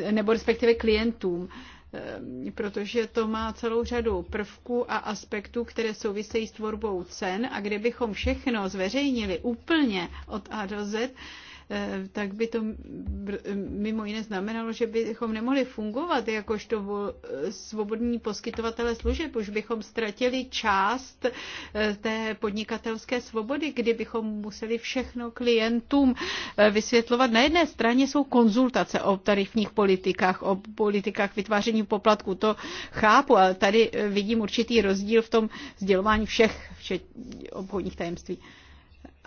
e, nebo respektive klientům e, protože to má celou řadu prvků a aspektů, které souvisejí s tvorbou cen a kdybychom všechno zveřejnili úplně od A do Z, Eh, tak by to mimo jiné znamenalo, že bychom nemohli fungovat jakožto eh, svobodní poskytovatele služeb. Už bychom ztratili část eh, té podnikatelské svobody, kdybychom museli všechno klientům vysvětlovat. Na jedné straně jsou konzultace o tarifních politikách, o politikách vytváření poplatků. To chápu, ale tady vidím určitý rozdíl v tom sdělování všech, všech obchodních tajemství.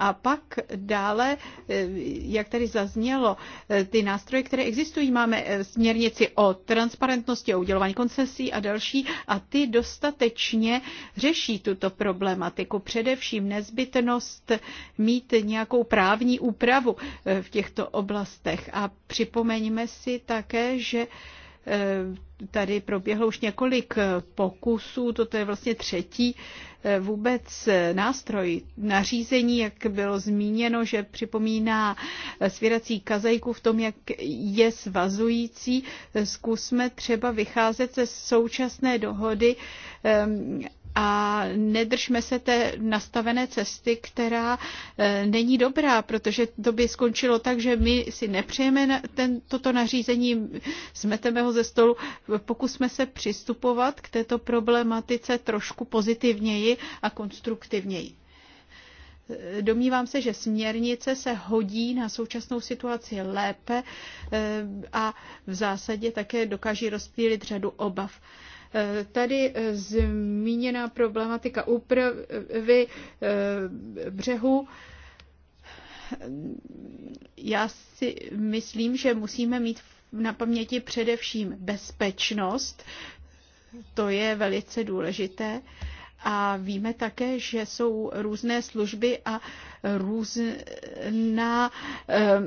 A pak dále, eh, jak tady zaznělo, eh, ty nástroje, které existují, máme eh, směrnici o transparentnosti, o udělování koncesí a další a ty dostatečně řeší tuto problematiku. Především nezbytnost mít nějakou právní úpravu v těchto oblastech. A připomeňme si také, že Eh, tady proběhlo už několik eh, pokusů, toto je vlastně třetí eh, vůbec nástroj nařízení, jak bylo zmíněno, že připomíná svěrací kazajku v tom, jak je svazující. Zkusme třeba vycházet ze současné dohody a nedržme se té nastavené cesty, která e, není dobrá, protože to by skončilo tak, že my si nepřejeme ten, toto nařízení, smeteme ho ze stolu, pokusme se přistupovat k této problematice trošku pozitivněji a konstruktivněji. E, domnívám se, že směrnice se hodí na současnou situaci lépe e, a v zásadě také dokáží rozptýlit řadu obav. Tady eh, zmíněná problematika úpravy eh, břehu já si myslím, že musíme mít na paměti především bezpečnost, to je velice důležité. A víme také, že jsou různé služby a různá eh,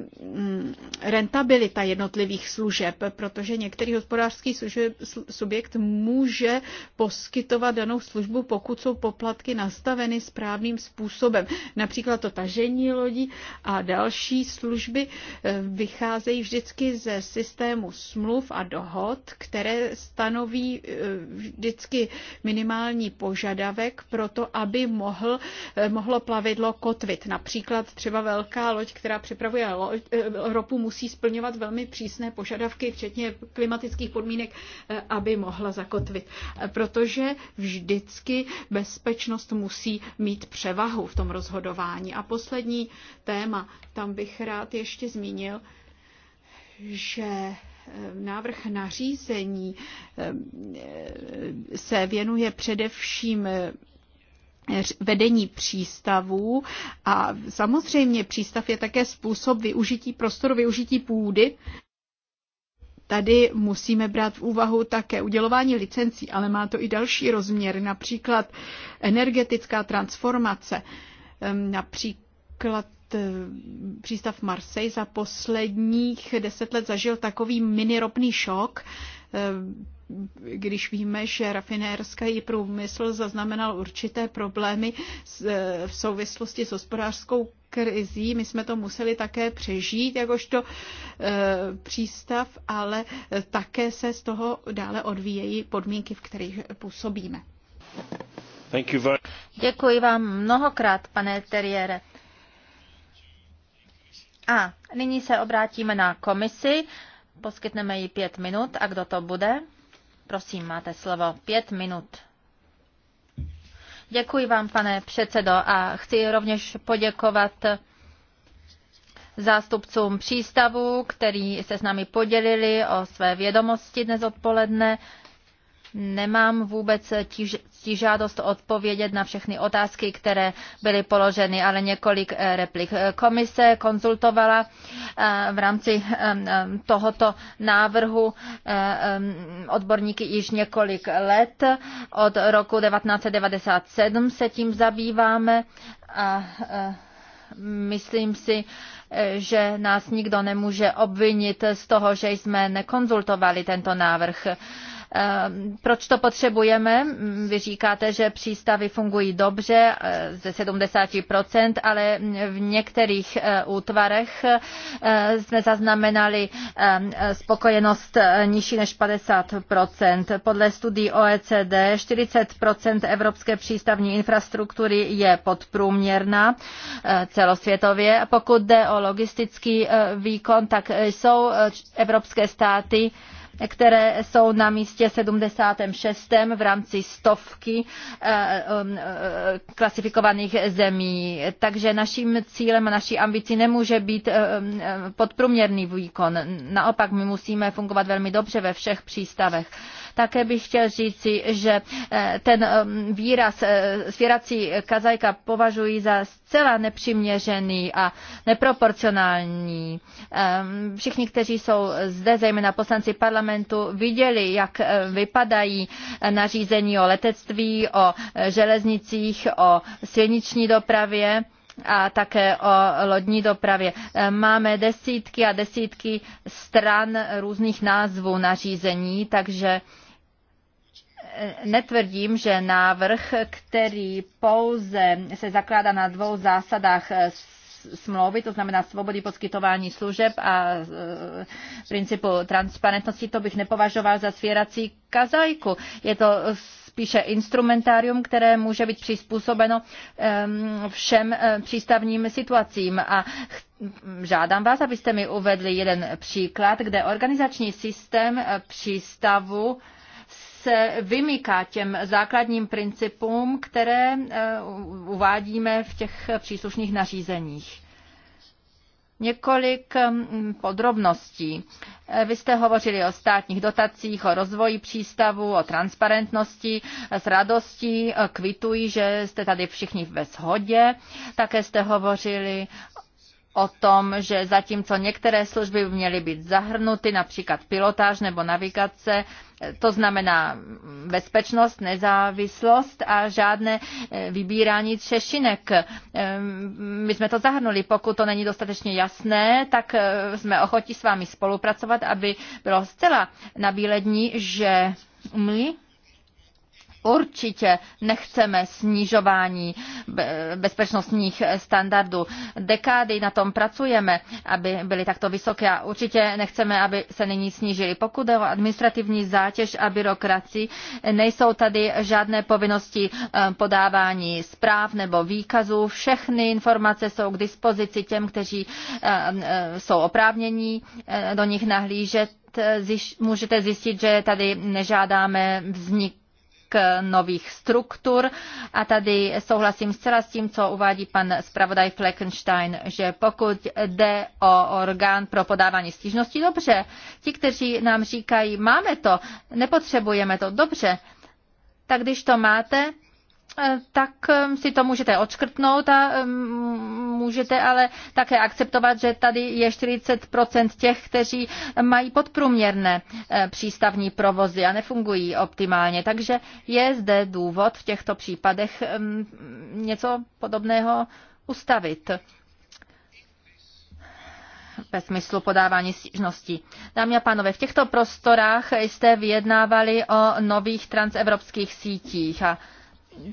rentabilita jednotlivých služeb, protože některý hospodářský služeb, subjekt může poskytovat danou službu, pokud jsou poplatky nastaveny správným způsobem. Například to tažení lodí a další služby eh, vycházejí vždycky ze systému smluv a dohod, které stanoví eh, vždycky minimální požadavek pro to, aby mohl, mohlo plavidlo kotvit zajistit. Například třeba velká loď, která připravuje eh, ropu, musí splňovat velmi přísné požadavky, včetně klimatických podmínek, eh, aby mohla zakotvit. Eh, protože vždycky bezpečnost musí mít převahu v tom rozhodování. A poslední téma, tam bych rád ještě zmínil, že návrh nařízení se věnuje především vedení přístavů a samozřejmě přístav je také způsob využití prostoru, využití půdy. Tady musíme brát v úvahu také udělování licencí, ale má to i další rozměry, například energetická transformace, ehm, například ehm, přístav Marseille za posledních deset let zažil takový mini ropný šok. Ehm, když víme, že rafinérský průmysl zaznamenal určité problémy e, v souvislosti s hospodářskou krizí. My jsme to museli také přežít, jakožto e, přístav, ale také se z toho dále odvíjejí podmínky, v kterých působíme. Děkuji vám mnohokrát, pane Teriere. A nyní se obrátíme na komisi. Poskytneme jí pět minut. A kdo to bude? Prosím, máte slovo. Pět minut. Děkuji vám, pane předsedo, a chci rovněž poděkovat zástupcům přístavu, který se s námi podělili o své vědomosti dnes odpoledne nemám vůbec tíž, tížádost odpovědět na všechny otázky, které byly položeny, ale několik eh, replik. Komise konzultovala eh, v rámci eh, tohoto návrhu odborníky již několik let. Od roku 1997 se tím zabýváme a myslím si, že nás nikdo nemůže obvinit z toho, že jsme nekonzultovali tento návrh. Ehm, proč to potřebujeme? Mm, vy říkáte, že přístavy fungují dobře eh, ze 70%, ale v některých eh, útvarech eh, jsme zaznamenali ehm, spokojenost nižší než 50%. Podle studií OECD 40% evropské přístavní infrastruktury je podprůměrná celosvětově. Pokud jde o logistický výkon, tak jsou evropské státy které jsou na místě 76. v rámci stovky eh, um, eh, klasifikovaných zemí. Takže naším cílem a naší ambicí nemůže být eh, um, podprůměrný výkon. Naopak, my musíme fungovat velmi dobře ve všech přístavech. Také bych chtěl říci, že eh, ten eh, výraz eh, svěrací kazajka považuji za zcela nepřiměřený a neproporcionální. Ehm, všichni, kteří jsou zde, zejména poslanci parlamentu, viděli, jak vypadají nařízení o letectví, o železnicích, o silniční dopravě a také o lodní dopravě. Ehm, máme desítky a desítky stran různých názvů nařízení, takže netvrdím, že návrh, který pouze se zakládá na dvou zásadách eh, smlouvy, to znamená svobody poskytování služeb a e, principu transparentnosti, to bych nepovažoval za svěrací kazajku. Je to spíše instrumentárium, které může být přizpůsobeno ehm, všem eh, přístavním situacím. A žádám vás, abyste mi uvedli jeden příklad, kde organizační systém přístavu se vymyká těm základním principům, které eh, uvádíme v těch příslušných nařízeních. Několik hm, podrobností. Eh, vy jste hovořili o státních dotacích, o rozvoji přístavu, o transparentnosti. S radostí eh, kvituji, že jste tady všichni ve shodě. Také jste hovořili o tom, že zatímco některé služby by měly být zahrnuty, například pilotáž nebo navigace, to znamená bezpečnost, nezávislost a žádné eh, vybírání třešinek. Eh, my jsme to zahrnuli. Pokud to není dostatečně jasné, tak eh, jsme ochotí s vámi spolupracovat, aby bylo zcela na že my určitě nechceme snižování bezpečnostních standardů. Dekády na tom pracujeme, aby byly takto vysoké a určitě nechceme, aby se nyní snížily. Pokud je o administrativní zátěž a byrokracii, nejsou tady žádné povinnosti eh, podávání zpráv nebo výkazů. Všechny informace jsou k dispozici těm, kteří eh, eh, jsou oprávnění do nich nahlížet můžete zjistit, že tady nežádáme vznik Eh, nových struktur. A tady souhlasím zcela s tím, co uvádí pan zpravodaj Fleckenstein, že pokud jde o orgán pro podávání stížností, dobře, ti, kteří nám říkají, máme to, nepotřebujeme to, dobře, tak když to máte, Eh, tak eh, si to můžete odškrtnout a eh, můžete ale také akceptovat, že tady je 40 těch, kteří mají podprůměrné přístavní provozy a nefungují optimálně. Takže je zde důvod v těchto případech ehm, něco podobného ustavit ve smyslu podávání stížností. Dámy a pánové, v těchto prostorách jste vyjednávali o nových transevropských sítích a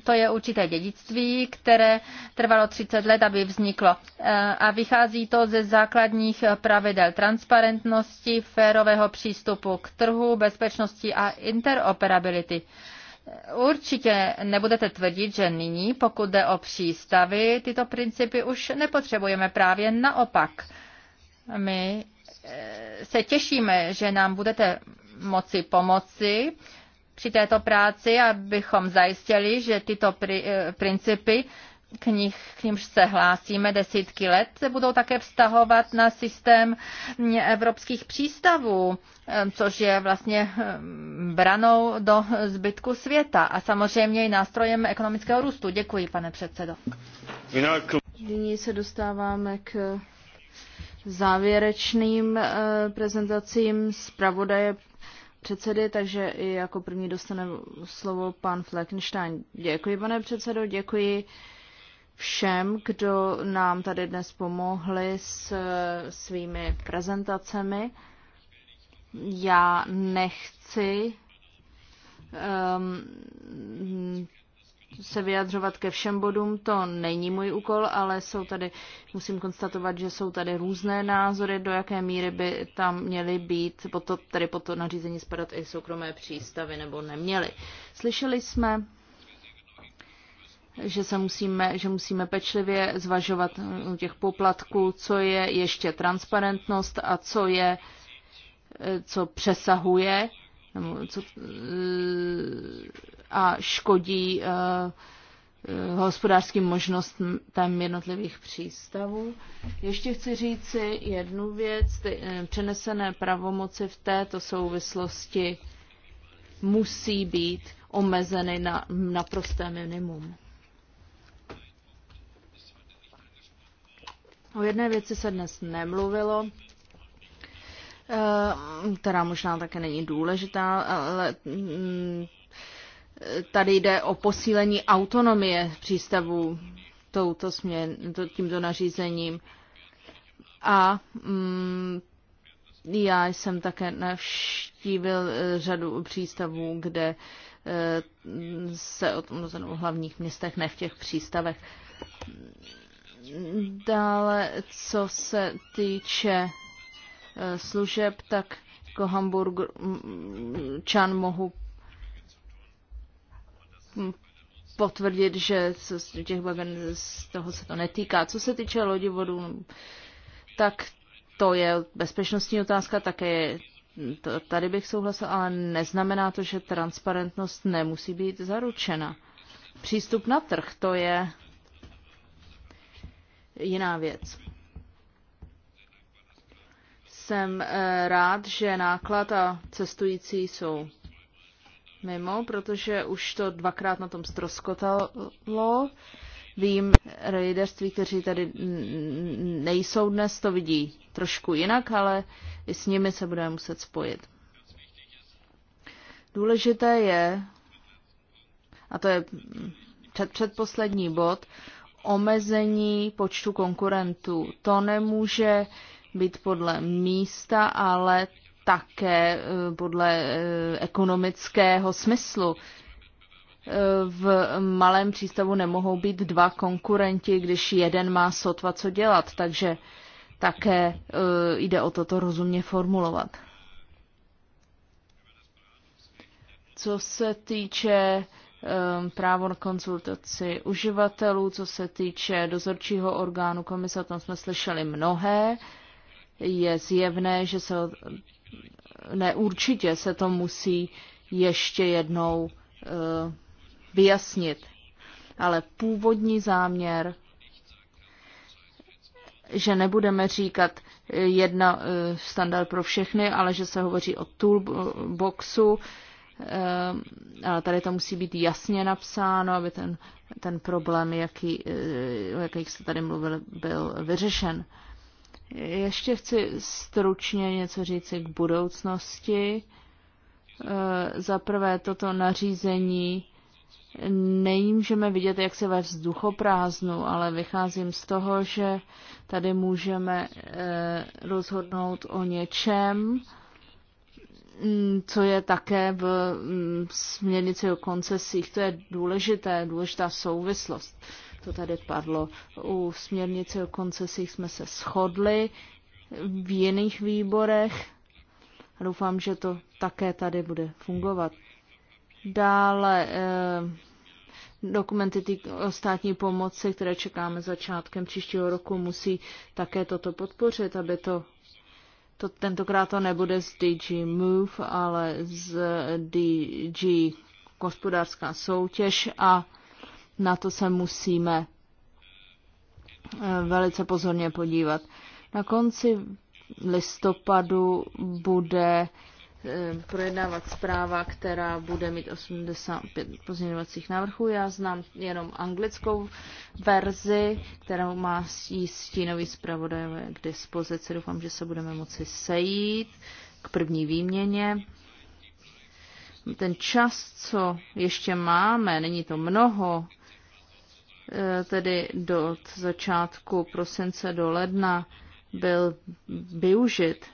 to je určité dědictví, které trvalo 30 let, aby vzniklo. E, a vychází to ze základních pravidel transparentnosti, férového přístupu k trhu, bezpečnosti a interoperability. Určitě nebudete tvrdit, že nyní, pokud jde o přístavy, tyto principy už nepotřebujeme právě naopak. My e, se těšíme, že nám budete moci pomoci při této práci, abychom zajistili, že tyto eh, principy k, nich, k nímž se hlásíme desítky let, se budou také vztahovat na systém mm, evropských přístavů, eh, což je vlastně eh, branou do zbytku světa a samozřejmě i nástrojem ekonomického růstu. Děkuji, pane předsedo. Nyní se dostáváme k závěrečným prezentacím zpravodaje předsedy, takže i jako první dostane slovo pan Fleckenstein. Děkuji, pane předsedo, děkuji všem, kdo nám tady dnes pomohli s eh, svými prezentacemi. Já nechci um, se vyjadřovat ke všem bodům, to není můj úkol, ale jsou tady, musím konstatovat, že jsou tady různé názory, do jaké míry by tam měly být, to, tedy po to nařízení spadat i soukromé přístavy, nebo neměly. Slyšeli jsme, že, se musíme, že musíme pečlivě zvažovat těch poplatků, co je ještě transparentnost a co je, co přesahuje, nebo co, a škodí eh, eh, hospodářským možnostem jednotlivých přístavů. Ještě chci říci jednu věc. Ty eh, přenesené pravomoci v této souvislosti musí být omezeny na naprosté minimum. O jedné věci se dnes nemluvilo, která možná také není důležitá, ale mm, Tady jde o posílení autonomie přístavů touto směn, tímto nařízením. A mm, já jsem také navštívil eh, řadu přístavů, kde eh, se o tom v hlavních městech, ne v těch přístavech. Dále, co se týče eh, služeb, tak jako Hamburg, mm, Čan mohu potvrdit, že z těch bagen z toho se to netýká. Co se týče lodivodů, tak to je bezpečnostní otázka, také to, tady bych souhlasil, ale neznamená to, že transparentnost nemusí být zaručena. Přístup na trh, to je jiná věc. Jsem eh, rád, že náklad a cestující jsou mimo, protože už to dvakrát na tom stroskotalo. Vím, rejderství, kteří tady nejsou dnes, to vidí trošku jinak, ale i s nimi se budeme muset spojit. Důležité je, a to je před, předposlední bod, omezení počtu konkurentů. To nemůže být podle místa, ale také e, podle e, ekonomického smyslu. E, v malém přístavu nemohou být dva konkurenti, když jeden má sotva co dělat, takže také jde o toto rozumně formulovat. Co se týče právo na konzultaci uživatelů, co se týče dozorčího orgánu komise, o tom jsme slyšeli mnohé. Je zjevné, že se ne, určitě se to musí ještě jednou eh, vyjasnit. Ale původní záměr, že nebudeme říkat eh, jedna eh, standard pro všechny, ale že se hovoří o toolboxu, ale tady to musí být jasně napsáno, aby ten, ten problém, jaký, o jakých jste tady mluvil, byl vyřešen. Ještě chci stručně něco říci k budoucnosti. Eh, za prvé, toto nařízení nemůžeme vidět, jak se ve vzduchoprázdnu, ale vycházím z toho, že tady můžeme eh, rozhodnout o něčem, mm, co je také v mm, směrnici o koncesích. To je důležité, důležitá souvislost to tady padlo. U směrnice o koncesích jsme se shodli v jiných výborech doufám, že to také tady bude fungovat. Dále eh, dokumenty tý, o státní pomoci, které čekáme začátkem příštího roku, musí také toto podpořit, aby to, to tentokrát to nebude z DG Move, ale z DG hospodářská soutěž a na to se musíme eh, velice pozorně podívat. Na konci listopadu bude eh, projednávat zpráva, která bude mít 85 pozměňovacích návrhů. Já znám jenom anglickou verzi, kterou má stínový zpravodaj k dispozici. Doufám, že se budeme moci sejít k první výměně. Ten čas, co ještě máme, není to mnoho, Eh, tedy do začátku prosince do ledna byl využit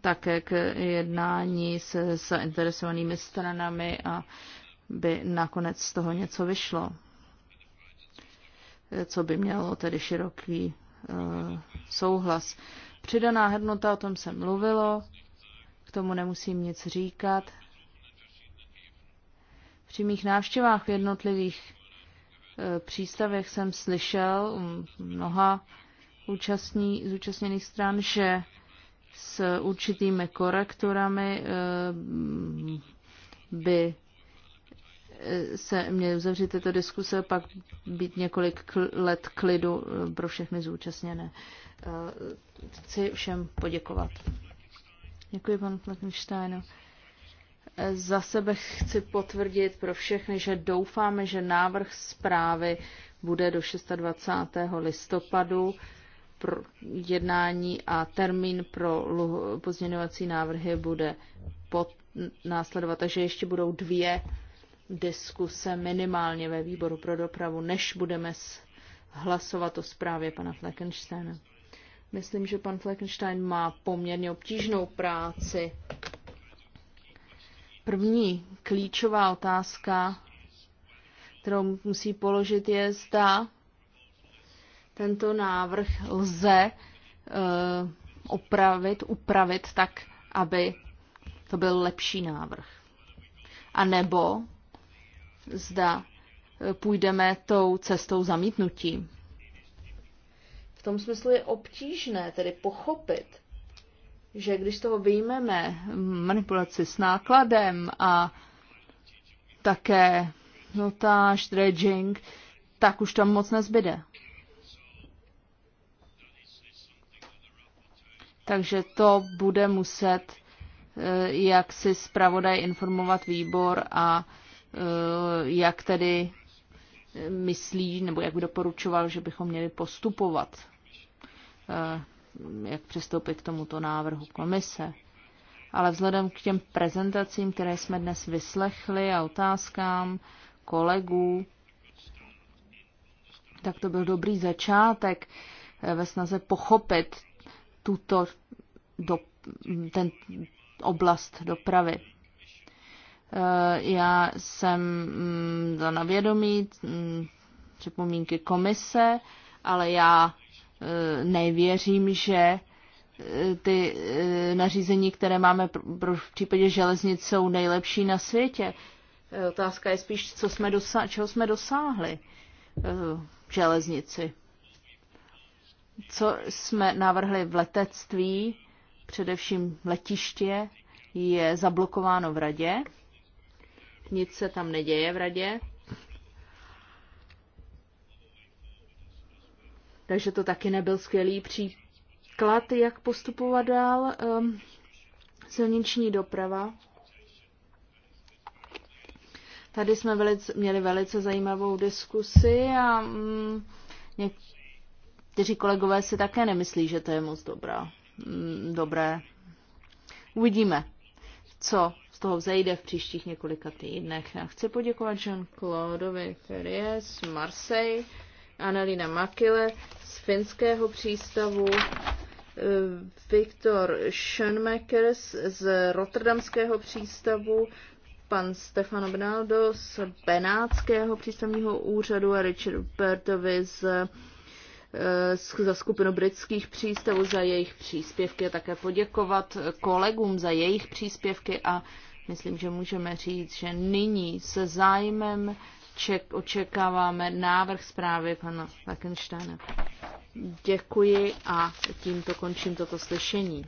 také k jednání se zainteresovanými stranami a by nakonec z toho něco vyšlo, eh, co by mělo tedy široký uh, souhlas. Přidaná hodnota, o tom se mluvilo, k tomu nemusím nic říkat při mých návštěvách v jednotlivých eh, přístavech jsem slyšel mnoha účastní, zúčastněných stran, že s určitými korektorami eh, by eh, se měly uzavřít tyto diskuse, pak být několik let klidu pro všechny zúčastněné. Chci všem poděkovat. Děkuji panu Fleckensteinu. Za sebe chci potvrdit pro všechny, že doufáme, že návrh zprávy bude do 26. listopadu pro jednání a termín pro pozměňovací návrhy bude pod následovat. Takže ještě budou dvě diskuse minimálně ve výboru pro dopravu, než budeme hlasovat o zprávě pana Fleckensteina. Myslím, že pan Fleckenstein má poměrně obtížnou práci První klíčová otázka, kterou musí položit, je, zda tento návrh lze uh, opravit, upravit tak, aby to byl lepší návrh. A nebo zda eh, půjdeme tou cestou zamítnutí. V tom smyslu je obtížné tedy pochopit, že když z toho vyjmeme mm, manipulaci s nákladem a také notáž, dredging, tak už tam moc nezbyde. Takže to bude muset eh, jak si zpravodaj informovat výbor a eh, jak tedy eh, myslí, nebo jak by doporučoval, že bychom měli postupovat jak přistoupit k tomuto návrhu komise. Ale vzhledem k těm prezentacím, které jsme dnes vyslechli a otázkám kolegů, tak to byl dobrý začátek eh, ve snaze pochopit tuto do, ten oblast dopravy. Eh, já jsem mm, za navědomí mm, připomínky komise, ale já Eh, nevěřím, že eh, ty eh, nařízení, které máme v případě železnic, jsou nejlepší na světě. Otázka je spíš, co jsme dosa- čeho jsme dosáhli v železnici. Co jsme navrhli v letectví, především letiště, je zablokováno v radě. Nic se tam neděje v radě. Takže to taky nebyl skvělý příklad, jak postupovat dál. Um, silniční doprava. Tady jsme velice, měli velice zajímavou diskusi a um, někteří kolegové si také nemyslí, že to je moc dobrá, um, dobré. Uvidíme, co z toho vzejde v příštích několika týdnech. Já chci poděkovat jean Claudeovi Ferrier z Marseille Annelina Makile z finského přístavu, eh, Viktor Schönmakers z rotterdamského přístavu, pan Stefano Bernaldo z Benátského přístavního úřadu a Richard Bertovi eh, z za skupinu britských přístavů za jejich příspěvky a také poděkovat kolegům za jejich příspěvky a myslím, že můžeme říct, že nyní se zájmem ček, očekáváme návrh zprávy pana Lakensteina. Děkuji a tímto končím toto slyšení.